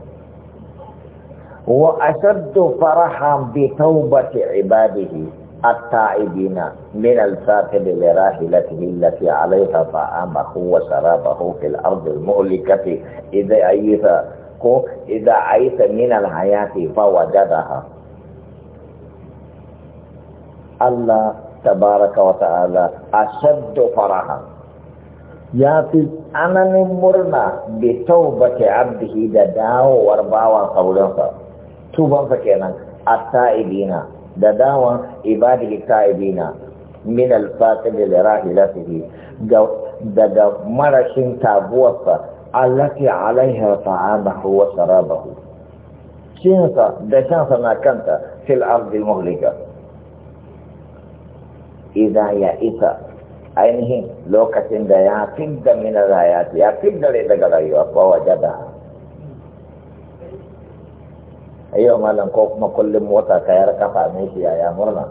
wa ashaddu farahan bi taubati ibadihi التائبين من الفاتن لراحلته التي عليها طعامه وشرابه في الأرض المهلكة إذا عيث إذا عيث من الحياة فوجدها الله تبارك وتعالى أشد فرحا يا في ananin murna bi taubati abdihi da dawowar bawan sauransa tubansa kenan at-ta'ibina da dawon ibadihi ta'ibina min al-fatil li rahilatihi daga marashin tabuwarsa allati alaiha ta'amahu wa sharabahu cinsa da shansa na kanta fil ardi muhlika idza ya isa ainihin lokacin da ya fidda mina rayati ya fidda rai daga rayuwa ko waje da ayyau malam ko kuma kullum mota kayar kafa ne shi yaya murna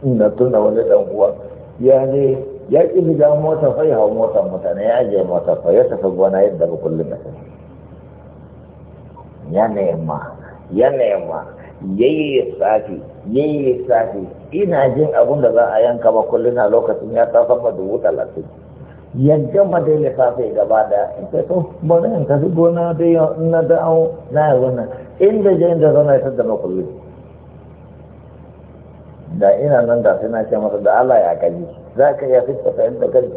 ina tuna wani dan uwa ya ne ya ƙi shiga mota fa ya hau mota mutane ya je mota fa ya tafi gona yadda ba kullum da kai ya nema ya nema yayi safi yayi safi ina jin abin da za a yanka ba kullum a lokacin ya ta sama dubu talatin yadda ma dai lissafi gaba da in ka so bari gona da shigo na dai na da'awo na yi wannan inda je inda zauna ya da makullin da ina nan da sai na ce masa da Allah ya kaji za ka iya ta inda kaji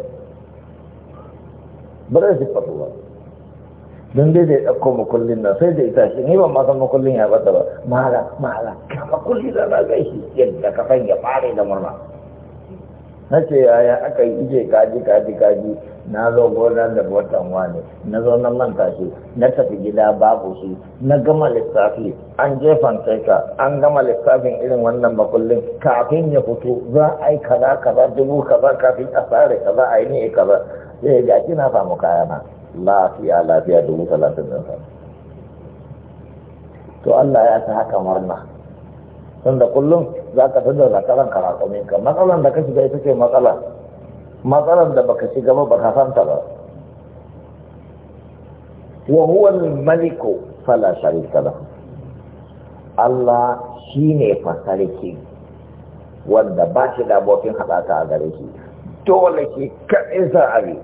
ba zai fitata ba don dai da ya ɗauko makullin nan sai da ita shi ni ban ma makullin ya bata ba mala mala ka makulli da na gaishe yadda ka san ya fare da murna na ce yaya aka yi ije kaji kaji kaji na zo gona da watan wani na zo na manta shi na tafi gida babu shi na gama lissafi an jefan ka an gama lissafin irin wannan makullin kafin ya fito za a yi kaza kaza dubu kaza kafin a tsare kaza a yi ne kaza sai ga kina samu kayana. lafiya lafiya domin talatin da sa to Allah ya ta haka murna da kullum za ka tada zakaran karakomin ka matsalan da ka shiga ita ce matsala matsalan da baka shiga ba baka santa ba wa huwa al-maliku fala sharika lahu Allah shi shine fasarki wanda ba shi da abokin haɗaka a gare shi dole ke kaɗai sa'ari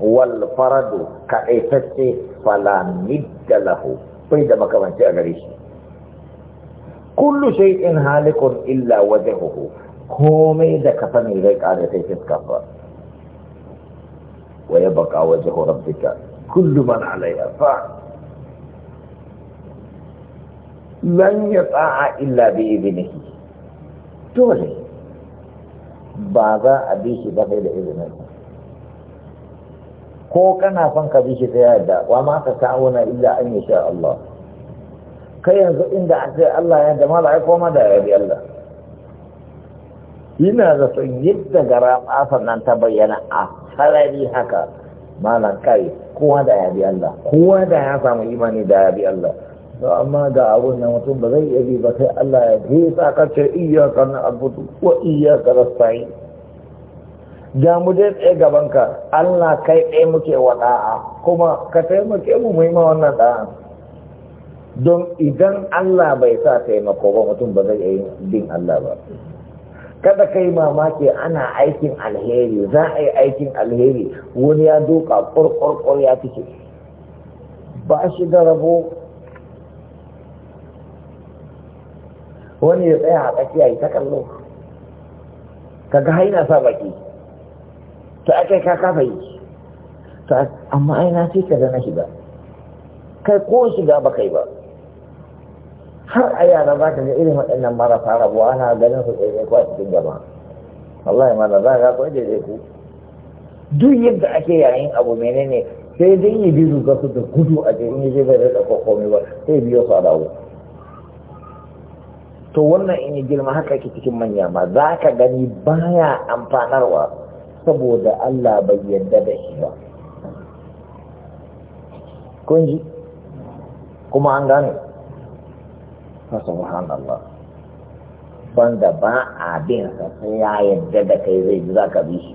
والفرد كعفته فلا ند له فإن ما كمان تأغريش كل شيء هالك إلا وجهه كومي ذا كفن إليك على تيسس كفر ويبقى وجه ربك كل من عليها فا لن يطاع إلا بإذنه تولي بابا أبيش بغير إذنه ko kana son ka bi shi ta yarda wa ma ka ta'awuna illa an yasha Allah kai yanzu inda aka Allah ya da mala ai koma da ya Allah ina da son yadda gara basan ta bayyana a sarari haka malam kai kowa da ya Allah kowa da ya samu imani da ya Allah to amma ga abun nan mutum ba zai iya bi ba sai Allah ya ji kace ka na iyyaka ko wa iyyaka nasta'in ga mu dai tsaye gabanka Allah kai tsaye muke wa da'a kuma ka taimake mu mu yi ma wannan da'a don idan Allah bai sa taimako ba mutum ba zai yi bin Allah ba kada kai mamaki ana aikin alheri za a yi aikin alheri wani ya duka kurkurkur ya fice ba shi da rabo wani ya tsaya a tsakiya yi ta kallo kaga haina sa baki ta aka ka kafa yi ta amma ai na da na shiga kai ko shiga ba kai ba har a yara za ka ga irin waɗannan marasa buwa ana ganin su tsaye ko a cikin Allah wallahi ma za ka ko zai ku duk yadda ake yayin abu menene sai dai yi biyu ga su da gudu a jirin yi zai bai da komai ba sai biyo su a dawo to wannan in yi girma haka ke cikin manya ma za ka gani baya amfanarwa saboda Allah bai yarda da shi ba kun kuma an gane fa subhanallah banda ba abin sa sai ya yarda da kai zai ji zaka bi shi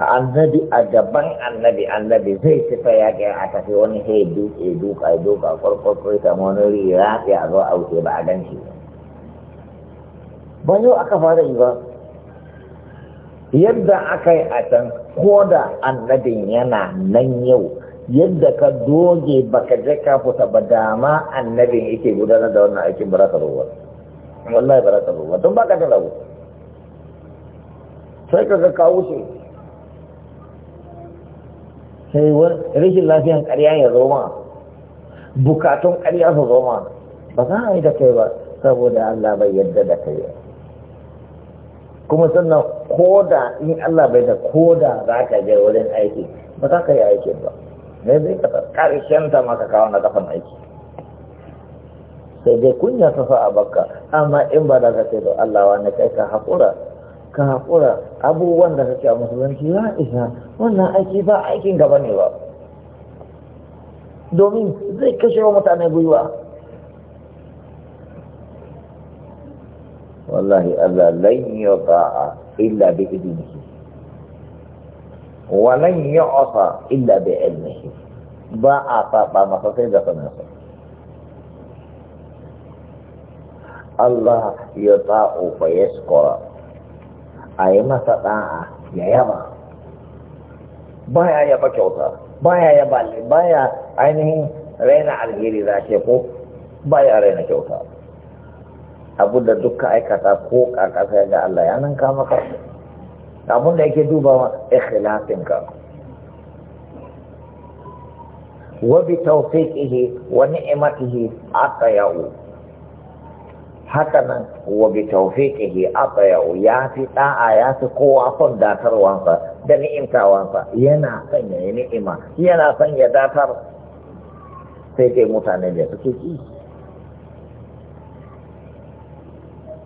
annabi a gaban annabi annabi zai fita ya kai a tafi wani sai duka duka duka kwarkwarkwar ta wani rira ya zo a wuce ba a gan shi ba yau aka fara yi ba yadda aka yi a can ko da annabin yana nan yau yadda ka doge baka je ka fita ba dama annabin yake gudanar da wannan aikin baraka ruwa wallahi baraka ruwa don baka da rabu sai ka ga ka wuce sai rashin lafiyan ƙarya ya zo ma bukatun ƙarya su zo ma ba za a yi da kai ba saboda Allah bai yadda da kai ba kuma sannan ko da in Allah bai da ko da za ka je wurin aiki ba za ka yi aikin ba ne zai ka karshen ta maka kawo na kafan aiki sai dai kunya ta sa a bakka amma in ba da ka ce da Allah wani kai ka haƙura ka haƙura abubuwan da kake a musulunci ya isa wannan aiki ba aikin gaba ne ba domin zai kashe wa mutane gwiwa wallahi Allah lan yata'a illa bi idnihi wa lan yu'ta illa bi ilmihi ba a saba masa sai da sanarsa Allah ya ta'u fa yaskura a yi masa ɗa'a ya yaba baya yaba kyauta baya yaba baya ainihin raina alheri za ce ko baya raina kyauta abin da duka aikata ko kakasa ga Allah ya nan kama ka abin da yake dubawa ikhlasin ka wa bi tawfiqihi wa ni'matihi atayau haka nan wa bi tawfiqihi atayau ya fi ɗa'a, ya fi kowa son datarwansa da ni'imtawansa yana son ya ni'ima yana son ya datar sai dai mutane da suke ki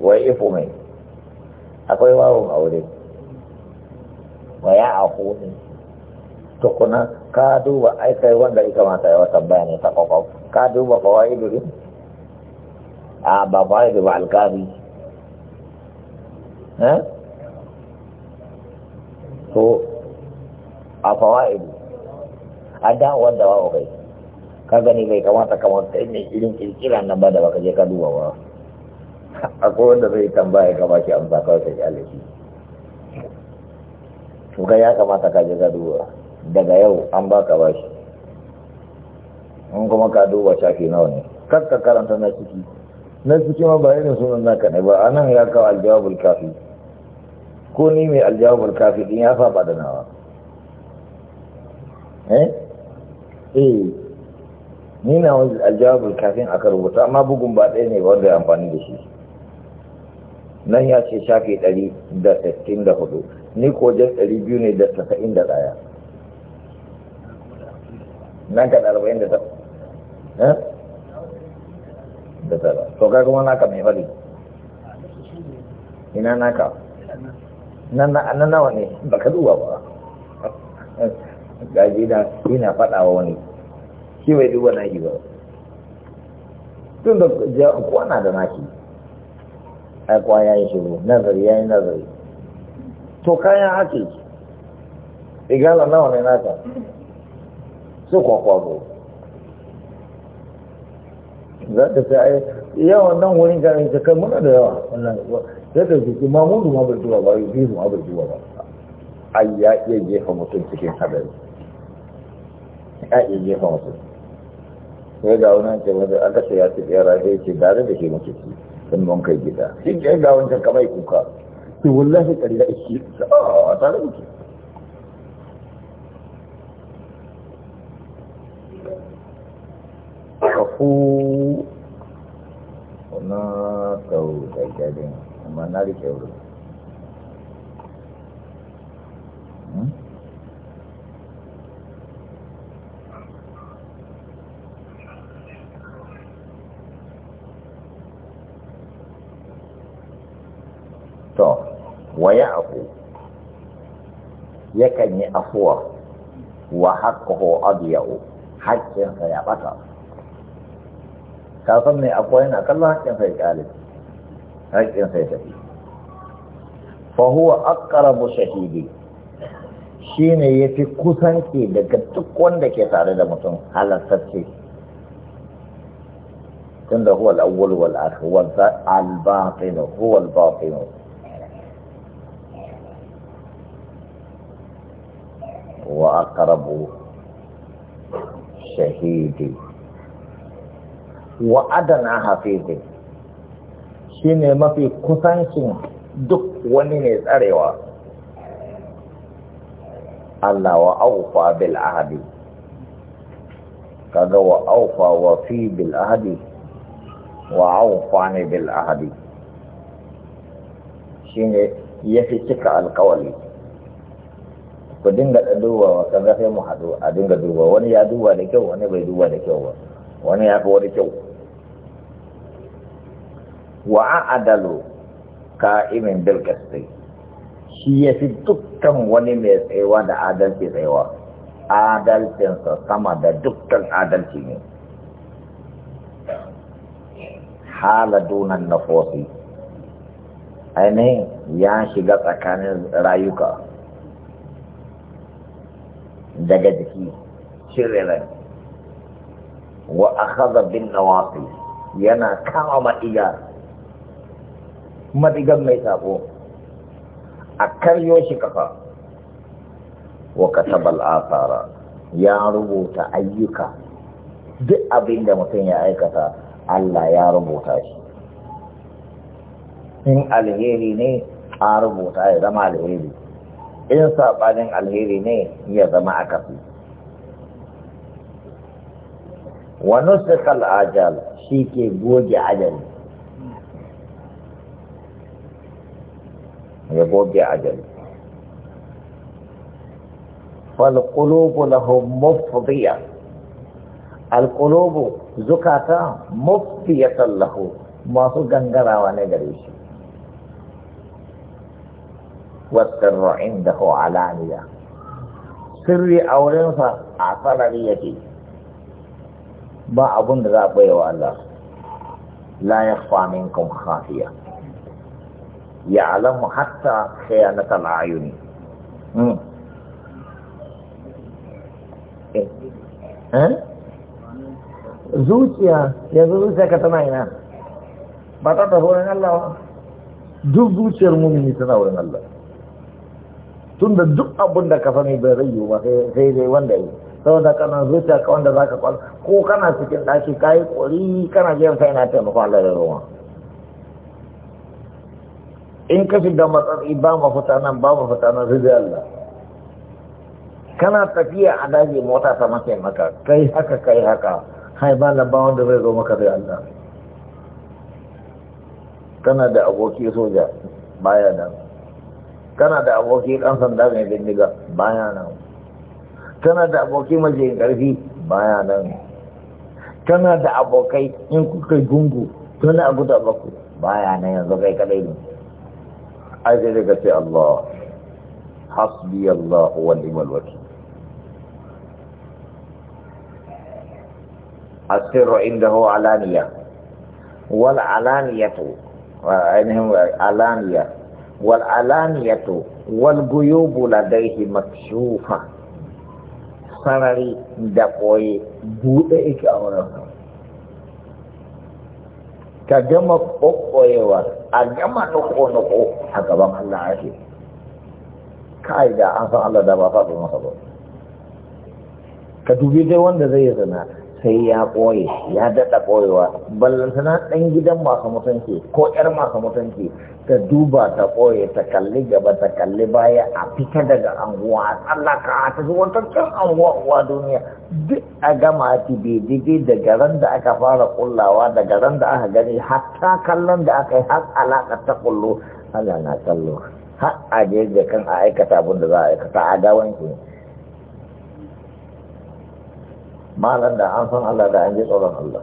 Wai ifu mai akwai wawon aure wa ya aku ne tukuna ka duba aikai wanda ika mata yawa tambaya ne ta kwakwaf ka duba kawai duri a ba kawai duba alkari eh to a fawa'idu a da wanda kai ka gani bai kamata kamar ta ne irin kirkira nan ba da baka je ka duba ba akwai wanda zai tambaya gaba ke amsa kawai ta kyale shi ya kamata ka je gaduwa daga yau an baka bashi in kuma ka duba shafi nawa ne kar ka karanta na ciki na ciki ma bayan irin sunan naka ne ba anan ya kawo aljawabul kafi ko ni mai aljawabul kafi din ya saba da nawa eh eh ni na wani aljawabul kafin aka rubuta amma bugun ba ɗaya ne wanda ya amfani da shi nan ya ce shafi ɗari da sittin da hudu ni ko jan ɗari biyu ne da sassa'in da ɗaya nan ka da arba'in da ta eh? da tara to kai kuma naka mai bari ina naka nan na nawa ne baka duba ba ga na ina fada wa wani shi bai duba na shi ba tun da na da naki aikwa ya yi shiru nazari ya yi nazari to kayan haki igala nawa ne nata su kwakwago za ta sai ai yawan nan wurin garin ta kai muna da yawa wannan sai da jiki kuma mun ma bai zuwa ba yi ma bai zuwa ba ai ya iya jefa mutum cikin hadari ya iya jefa mutum sai ga wani ce wanda aka ce ya ce ya rage ce gare da shi mutum sun mun kai gida shi ke ga wancan kamar kuka to wallahi ƙarya shi ah, a tare da ke kafu na tau da gadin amma na rike wurin wa ya afu yakan yi afuwa wa haƙƙaho abiyahu haƙƙinsa ya ɓata kafin mai afuwa yana kallon haƙƙinsa ya ƙalib haƙƙinsa ya tafi fahuwa akarabu shahidi shi ne ya fi kusanci daga duk wanda ke tare da mutum halattacce tun da huwa al'awwal wal akhir wal batin huwa al batin وأقرب شهيدي وأدنى حفيظي shine mafi kusancin duk wani ne tsarewa Allah wa aufa bil ahadi kaga wa aufa wa fi bil ahadi wa aufa ne bil ahadi shine yafi cika alkawali ku dinga da wa kan zafi mu haɗu a dinga duba wani ya duba da kyau wani bai duba da kyau ba wani ya fi wani kyau wa ka ka'imin bil qisti shi ya fi dukkan wani mai tsayawa da adalci tsayawa adalcinsa sama da dukkan adalci ne hala dunan fosi ainihin ya shiga tsakanin rayuka daga jiki shirya rai wa akhadha bin nawafi yana kama madiga madigan mai sako a karyo shi kafa wa katabal ya rubuta ayyuka duk abin da mutum ya aikata Allah ya rubuta shi in alheri ne a rubuta ya zama alheri in saɓanin alheri ne ya zama a kafi wani sikal ajal shi ke goge ajali ya goge ajali falƙulubu na homofobiya alƙulubu zukata mufdiyatan lahu masu gangarawa ne gare shi wasirra inda ko alaniya sirri aurensa a sarari yake ba abin da za a baiwa Allah la ya famin ya alamu hatta sai ya na tala'ayuni zuciya ya zo zuciya ka ina ba ta taho Allah duk zuciyar mummi tana wurin Allah tun da duk abin da ka sani bai rayu ba sai dai wanda yi saboda kana zuciya ka wanda za ka kwal ko kana cikin ɗaki ka yi ƙwari kana jiyan sai na taimako Allah da ruwa in ka da matsatsi ba futa nan ba futa nan sai Allah kana tafiya a daji mota ta mace maka kai haka kai haka hai ba ba wanda zai zo maka sai Allah kana da aboki soja baya nan tana da aboki ɗan sanda mai bindiga baya nan tana da aboki majiyin ƙarfi baya nan tana da abokai in kuka gungu tana a guda baku baya nan yanzu kai kadai ne ai sai daga ce Allah hasbi Allah wa ni'mal wakil asirru indahu alaniya wal alaniyatu ainihim alaniya wal alaniyatu wal guyubu ladaihi makshufa sarari da koye buɗe ike a wurin ka gama ƙoƙoyewa a gama nuko-nuko a gaban Allah ake kai da an san Allah da ba faɗo masa ba ka dubi dai wanda zai zina sai ya ɓoye ya daɗa ɓoyewa ballantana ɗan gidan masu mutunci ko ƴar masu mutunci ta duba ta ɓoye ta kalli gaba ta kalli baya a fita daga anguwa a tsallaka a ta zuwa can anguwa uwa duniya duk a gama daidai daga ran da aka fara kullawa daga ran da aka gani hatta kallon da aka yi har alaƙa ta kullo ana na kallo har a je kan a aikata abin da za a aikata a gawanki malam da an san Allah da an ji tsoron Allah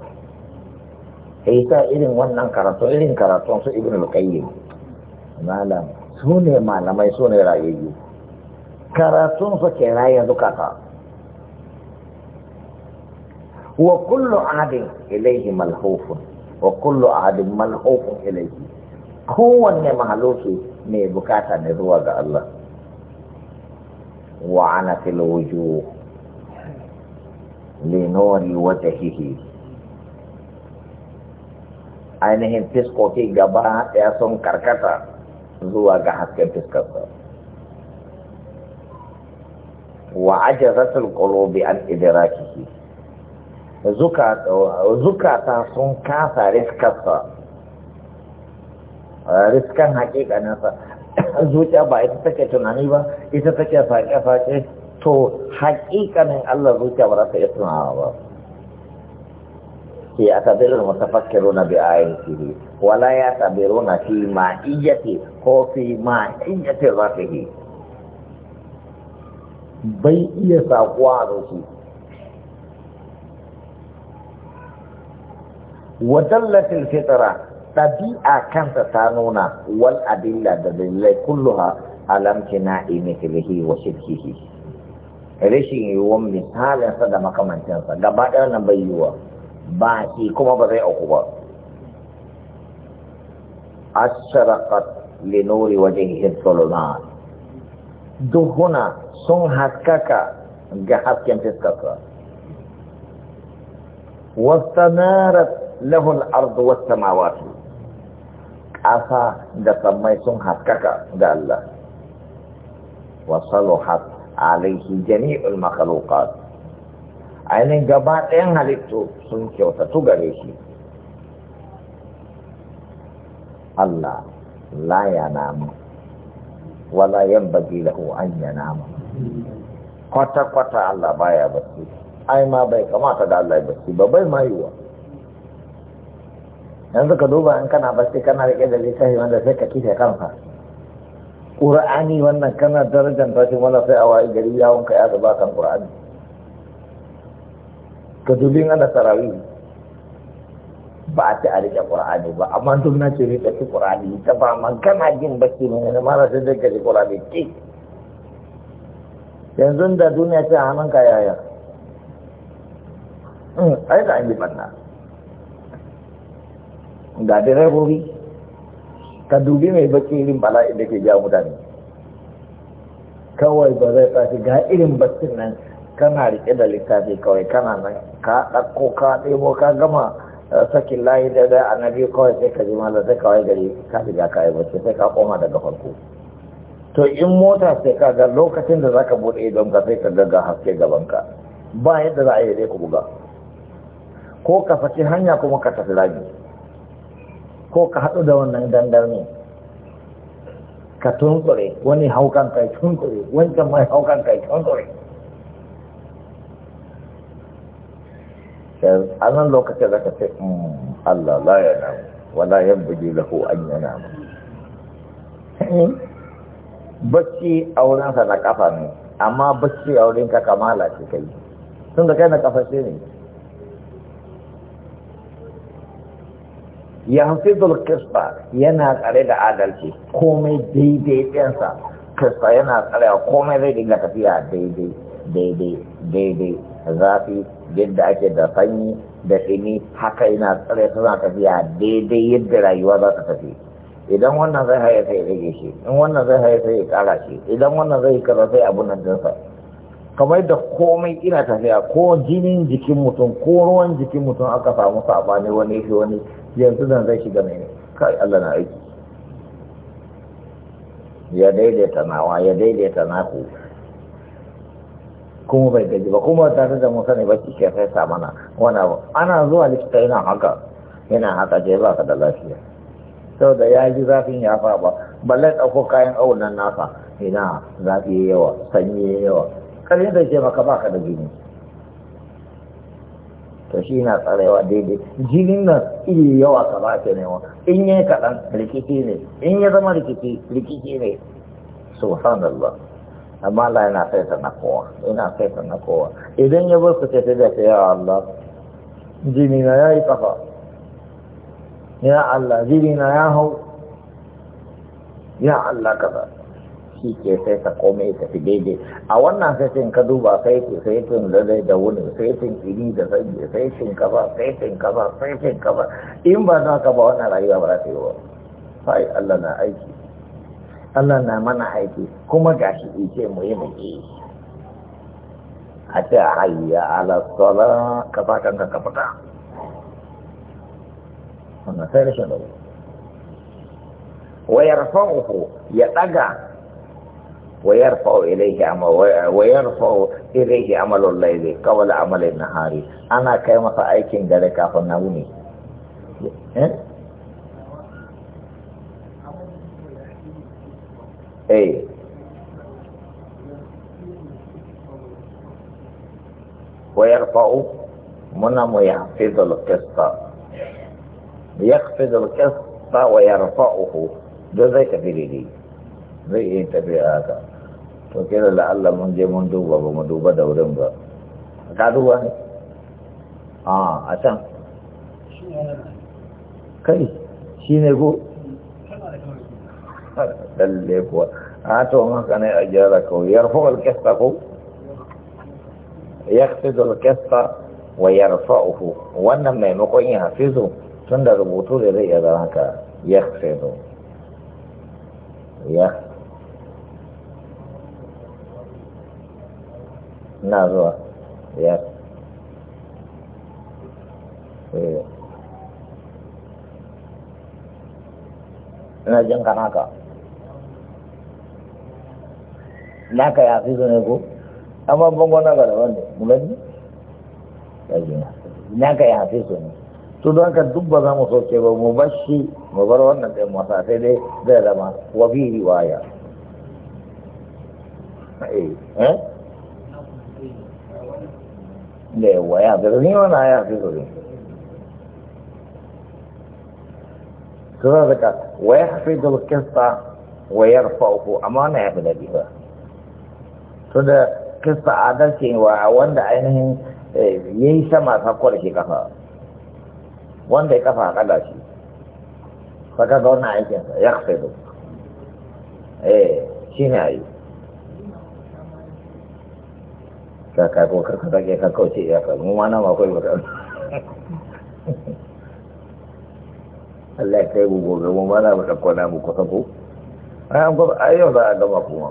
sai ta irin wannan karatu irin karatun su ibn al-qayyim malam su ne malamai su ne rayayyu karatun su ke raya zukata wa kullu adin ilaihi malhufun wa kullu adin malhufun ilaihi kowanne mahaluki ne bukata ne zuwa ga Allah wa ana fil wujuh linori wajahihi ainihin fiskoki gaba ya sun karkata zuwa ga hasken fiskarsa wa ajazatul kolobi an idiraki zukata zukata sun kasa riskarsa riskan hakikaninsa zuciya ba ita take tunani ba ita take sake-sake to haƙiƙanin Allah zuciya ba za ta iya tunawa ba ke a tabirin mutafakkiro na bi yin siri wala ya tabiro na fi iyate ko fi ta yi bai iya saƙuwa a zuci wadallatin fitara ɗabi'a kanta ta nuna wal adilla da dalilai kulluha alamkina imitilihi wa shirkihi rashin yiwuwan misalinsa da makamancinsa gaba ɗaya nan bai yiwuwa ba shi kuma ba zai auku ba asharaqat li nuri wajhihi sulumat duhuna sun haskaka ga hasken fiskarsa wastanarat lahu lahun ardu was-samawati ƙasa da sammai sun haskaka ga Allah wa saluhat alaihi jami'ul makhluqat ainihin gaba ɗayan halittu sun kyautatu gare shi Allah la ya namu wala yan bagi lahu an ya namu kwata-kwata Allah baya bacci ai ma bai kamata da Allah bacci ba bai ma wa? yanzu ka duba an kana bacci kana rike da lissafi wanda sai ka kife kanka ƙura'ani wannan kana darajar tashin wala sai a waye gari yawon ka ya zaba kan ƙura'ani ka dubin ana sarawi ba a ci a riƙe ƙura'ani ba amma duk na ce riƙe ci ƙura'ani ta ba magana jin baki mai na mara sai zai gaji ƙura'ani ce yanzu da duniya ce a hannun ka yaya hmm, ai da an yi banna ga direbobi ka dubi mai baki irin bala'in da ke jawo mutane kawai ba zai tsaki ga irin bakin nan kana rike da littafi kawai kana nan ka ɗauko ka ɗebo ka gama eh, sakin layi da da annabi kawai sai ka ji malam sai kawai gari ka riga ka yi bacci sai ka koma daga farko to in mota sai ka ga lokacin da zaka buɗe don ka sai ka ga haske gaban ka ba yadda za a yi dai ku buga ko ka saki hanya kuma ka tafi rami ko ka haɗu da wannan gandarmi ka tunkure wani haukan kai tunkure wancan mai haukan kai tunkure a nan lokacin da ka ce hmm, Allah la ya na wala ya buji lahu an yana namu bacci a wurinsa na kafa ne amma bacci a wurinka kamala ce kai tun da kai na kafa ce ne yanfizul qista yana tsare da adalci komai daidai ɗinsa kista yana tsare komai zai dinga tafiya daidai daidai daidai zafi yadda ake da sanyi da ɗini haka yana tsare suna tafiya daidai yadda rayuwa za ta tafi idan wannan zai haya sai rage shi in wannan zai haya sai ya kara shi idan wannan zai kaza sai abu nan dinsa kamar da komai ina tafiya ko jinin jikin mutum ko ruwan jikin mutum aka samu sabani wani shi wani yanzu zan zai shiga mai kai Allah na aiki ya daidaita nawa ya daidaita naku kuma bai gaji ba kuma tare da mun sani ba ki ke sai mana wani abu ana zuwa likita yana haka yana haka je ba ka da lafiya saboda ya ji zafin ya fa ba balle ɗauko kayan aunan nasa ina zafi yawa sanyi yawa ƙarfi da ce maka baka da jini to shi na tsarewa daidai jinin nan iya yawa ka ba ta newa in yi kaɗan rikici ne in ya zama rikici rikici ne subhanallah amma Allah yana saita na kowa yana saita na kowa idan ya bar ku ce ta da ya Allah jini na ya yi kafa ya Allah jini na ya hau ya Allah kaza shi ke sai ta komai ta fi daidai a wannan sashen ka duba sai ke sai tun lalai da wuni sai tun kiri da sanyi sai tun kaza sai tun kaba sai tun kaza in ba za ka ba wannan rayuwa ba za ta yi ba fai Allah na aiki Allah na mana aiki kuma gashi ice mu yi mai yi a ce a hayya ala sala ka fatan ka ka fita wannan sai rashin da wayar fa'uku ya ɗaga ويرفع إليه عمل ويرفع إليه عمل الليل قبل عمل النهار أنا كما فأيكين ذلك فنوني أي إيه؟ ويرفع منم يحفظ القصة يحفظ القصة ويرفعه ذلك في zai iya tafiya haka to kira da Allah mun je mun duba ba mu duba da wurin ba ka duba ne a a can kai shi ne ko lalle kuwa a to mun ne a gyara ko yarfa alkesta ko yaxtidu alkesta wa yarfa'uhu wannan maimakon ya hafizu tun da rubutu da zai iya zama ka yaxtidu ina zuwa ya eh. ina jin ka naka naka ya fi ne ko amma bangon naka da wanda mulani naka ya fi ne to don ka duk ba za mu soke ba mu bashi, mu bar wannan ɗin masa sai dai zai zama wa bi riwaya eh eh da yawa ya n'i wani ya fi zuri suna zaka wa ya fi dalkista wa ya rufa'uku amma wani ya fi da ba su da kista adalci wa wanda ainihin ya yi sama sakwar shi kafa wanda ya kafa a kada shi saka ga wannan aikinsa ya fi zuri eh shi ne a yi ka ka ko ka ka ka kauce ya ka mu mana ma kai ba Allah ya kai mu gobe mu ma na mu na mu kusa ko ai an gobe ai yau za a gama kuma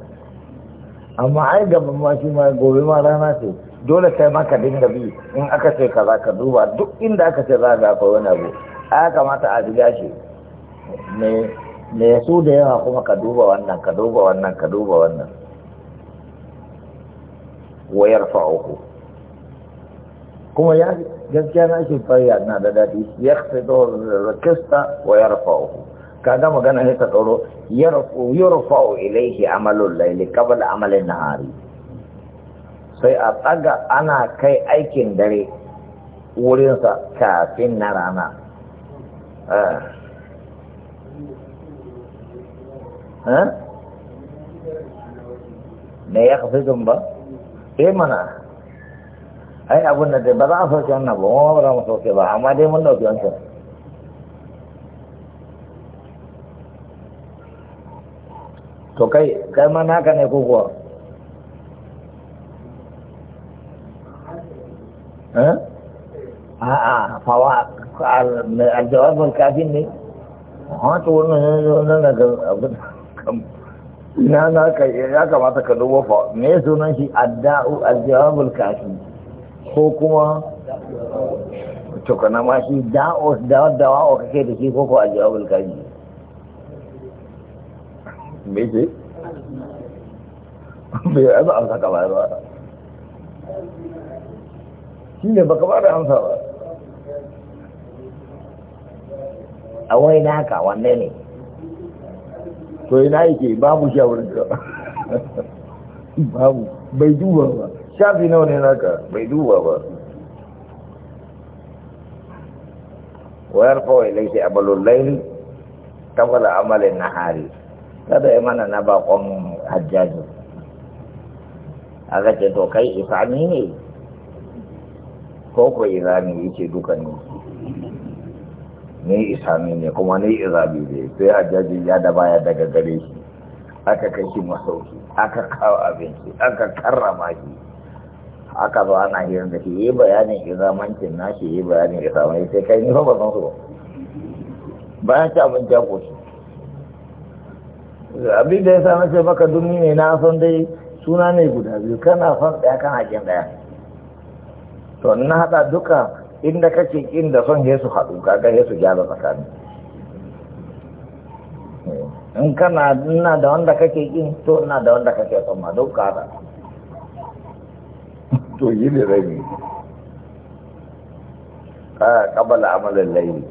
amma ai gaba ma shi ma gobe ma rana ce dole kai ma ka dinga bi in aka ce kaza ka duba duk inda aka ce za ga akwai wani abu a kamata a ziga shi me ne su da yawa kuma ka duba wannan ka duba wannan ka duba wannan ويرفعه كما يعني كان شيء طيب نادى يعني دادي يخفض الكستة ويرفعه كذا ما كان هيك تقوله يرفع يرفع إليه عمل الليل قبل عمل النهار سي a انا ana kai aikin dare wurinsa kafin na rana na ya kafin eh mana ai abin da ba za a sauke wannan ba kuma ba za mu sauke ba amma dai mun dauki wancan to kai kai ma naka ne ko kuwa eh? a'a fawa aljawabin kafin ne ha to wannan nan ga abin (laughs) ya na ka ya kamata ka duba fa me sunan shi adda'u al-jawabul kafi ko kuma to kana ma shi da'u da dawa o kake da shi ko ko al-jawabul kafi me ce me ya za amsa ka ba ba shi ne baka ba da amsa ba a wai naka wanne ne to na yake babu sha wurin ka babu bai duba ba shafi na wani naka bai duba ba wayar kawai laifin abalon laili tabbala amalin na hari kada ya mana na bakon hajjajin aka ce to kai isa ne ko ko irani yake duka ne ne isami ne kuma ne izabi ne sai a jaji ya da baya daga gare shi aka kai shi masauki aka kawo abinci aka karrama shi aka zo ana hirin da shi yi bayanin izamancin na, shi yi bayanin isamani sai kai ne, ba san su bayan ci abinci ya koshi abin da ya sami sai maka dumi ne na san dai suna ne guda biyu kana son ɗaya kana jin ɗaya to na haɗa duka inda kake inda da son Yesu haɗu kaga Yesu gyara tsakani in kana ina da wanda kake kin to ina da wanda kake son ma duk kada (laughs) to yi ne rabi kabala amalin laili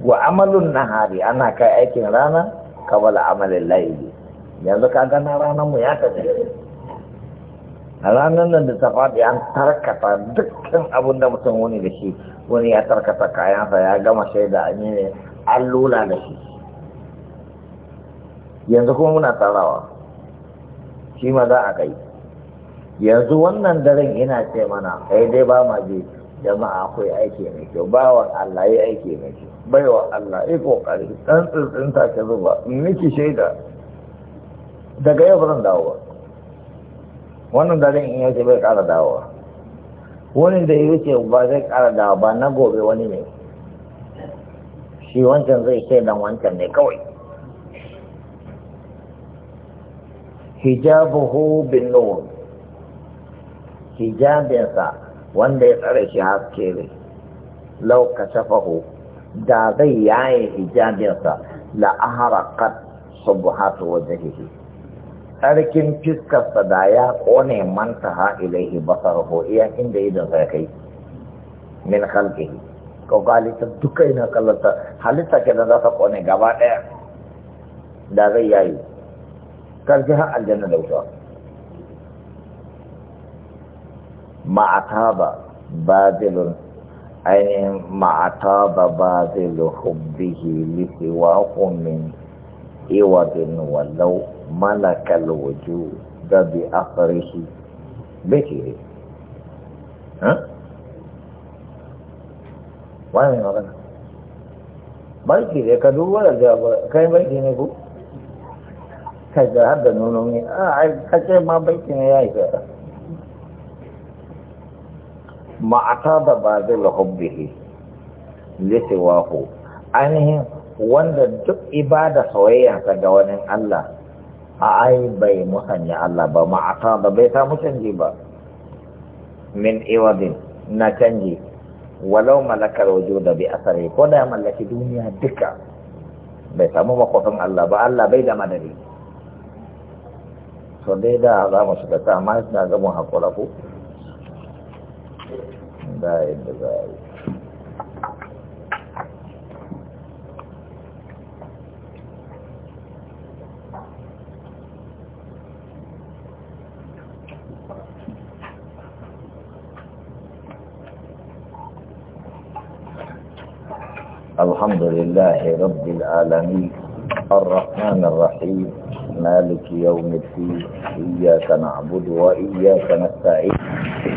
wa amalun nahari ana kai aikin rana kabala amalin laili yanzu ka na ranar mu ya tafi A ranar nan da ta faɗi an tarkata dukkan abin da mutum wani da shi wani ya tarkata kayansa ya gama shaida an yi ne an lula da shi yanzu kuma muna tarawa shi ma za a kai yanzu wannan daren ina ce mana sai dai ba ma je jama'a akwai aiki mai kyau Ba wa Allah ya aiki mai kyau baiwa Allah ya kokari dan tsintsinta ke zuba miki shaida daga yau ba zan dawo ba wannan daren in ce bai kara dawowa wani da ya wuce ba zai kara dawa ba na gobe wani ne shi wancan zai ce dan wancan ne kawai hijabuhu bin nur hijabinsa wanda ya tsare shi haske ne lauka fahu da zai yaye hijabinsa la'aharakat subuhatu wajen hijabi tsarkin fiskarsa da ya kone manta ha ilaihi basarhu iya inda idan sai kai min khalqihi ko galita duka ina kallata halitta ke da za ta kone gaba daya da zai yayi karfi har aljanna da wuta ma'ataba bazilun ainihin ma'ataba bazilu hubbihi lisiwa min iwadin wallau malakal wujud da bi afarihi bikiri ha wani magana barki ne ka duba da jaba kai barki ne ku ka ga har da nono ne a ah, ce ma barki ne ya yi ka ma'ata da ba zai lahubbihi lisiwahu ainihin wanda duk ibada soyayyansa ga wani Allah A ai bai musanya Allah ba ma ma'ata ba bai ta samu canji ba min iwadin na canji walau malakar da bi asari ko da ya mallaki duniya duka bai samu makwafin Allah ba Allah bai da madari so dai da za mu shiga ta amma suna gaban hakura ko da yadda لله رب العالمين الرحمن الرحيم مالك يوم الدين إياك نعبد وإياك نستعين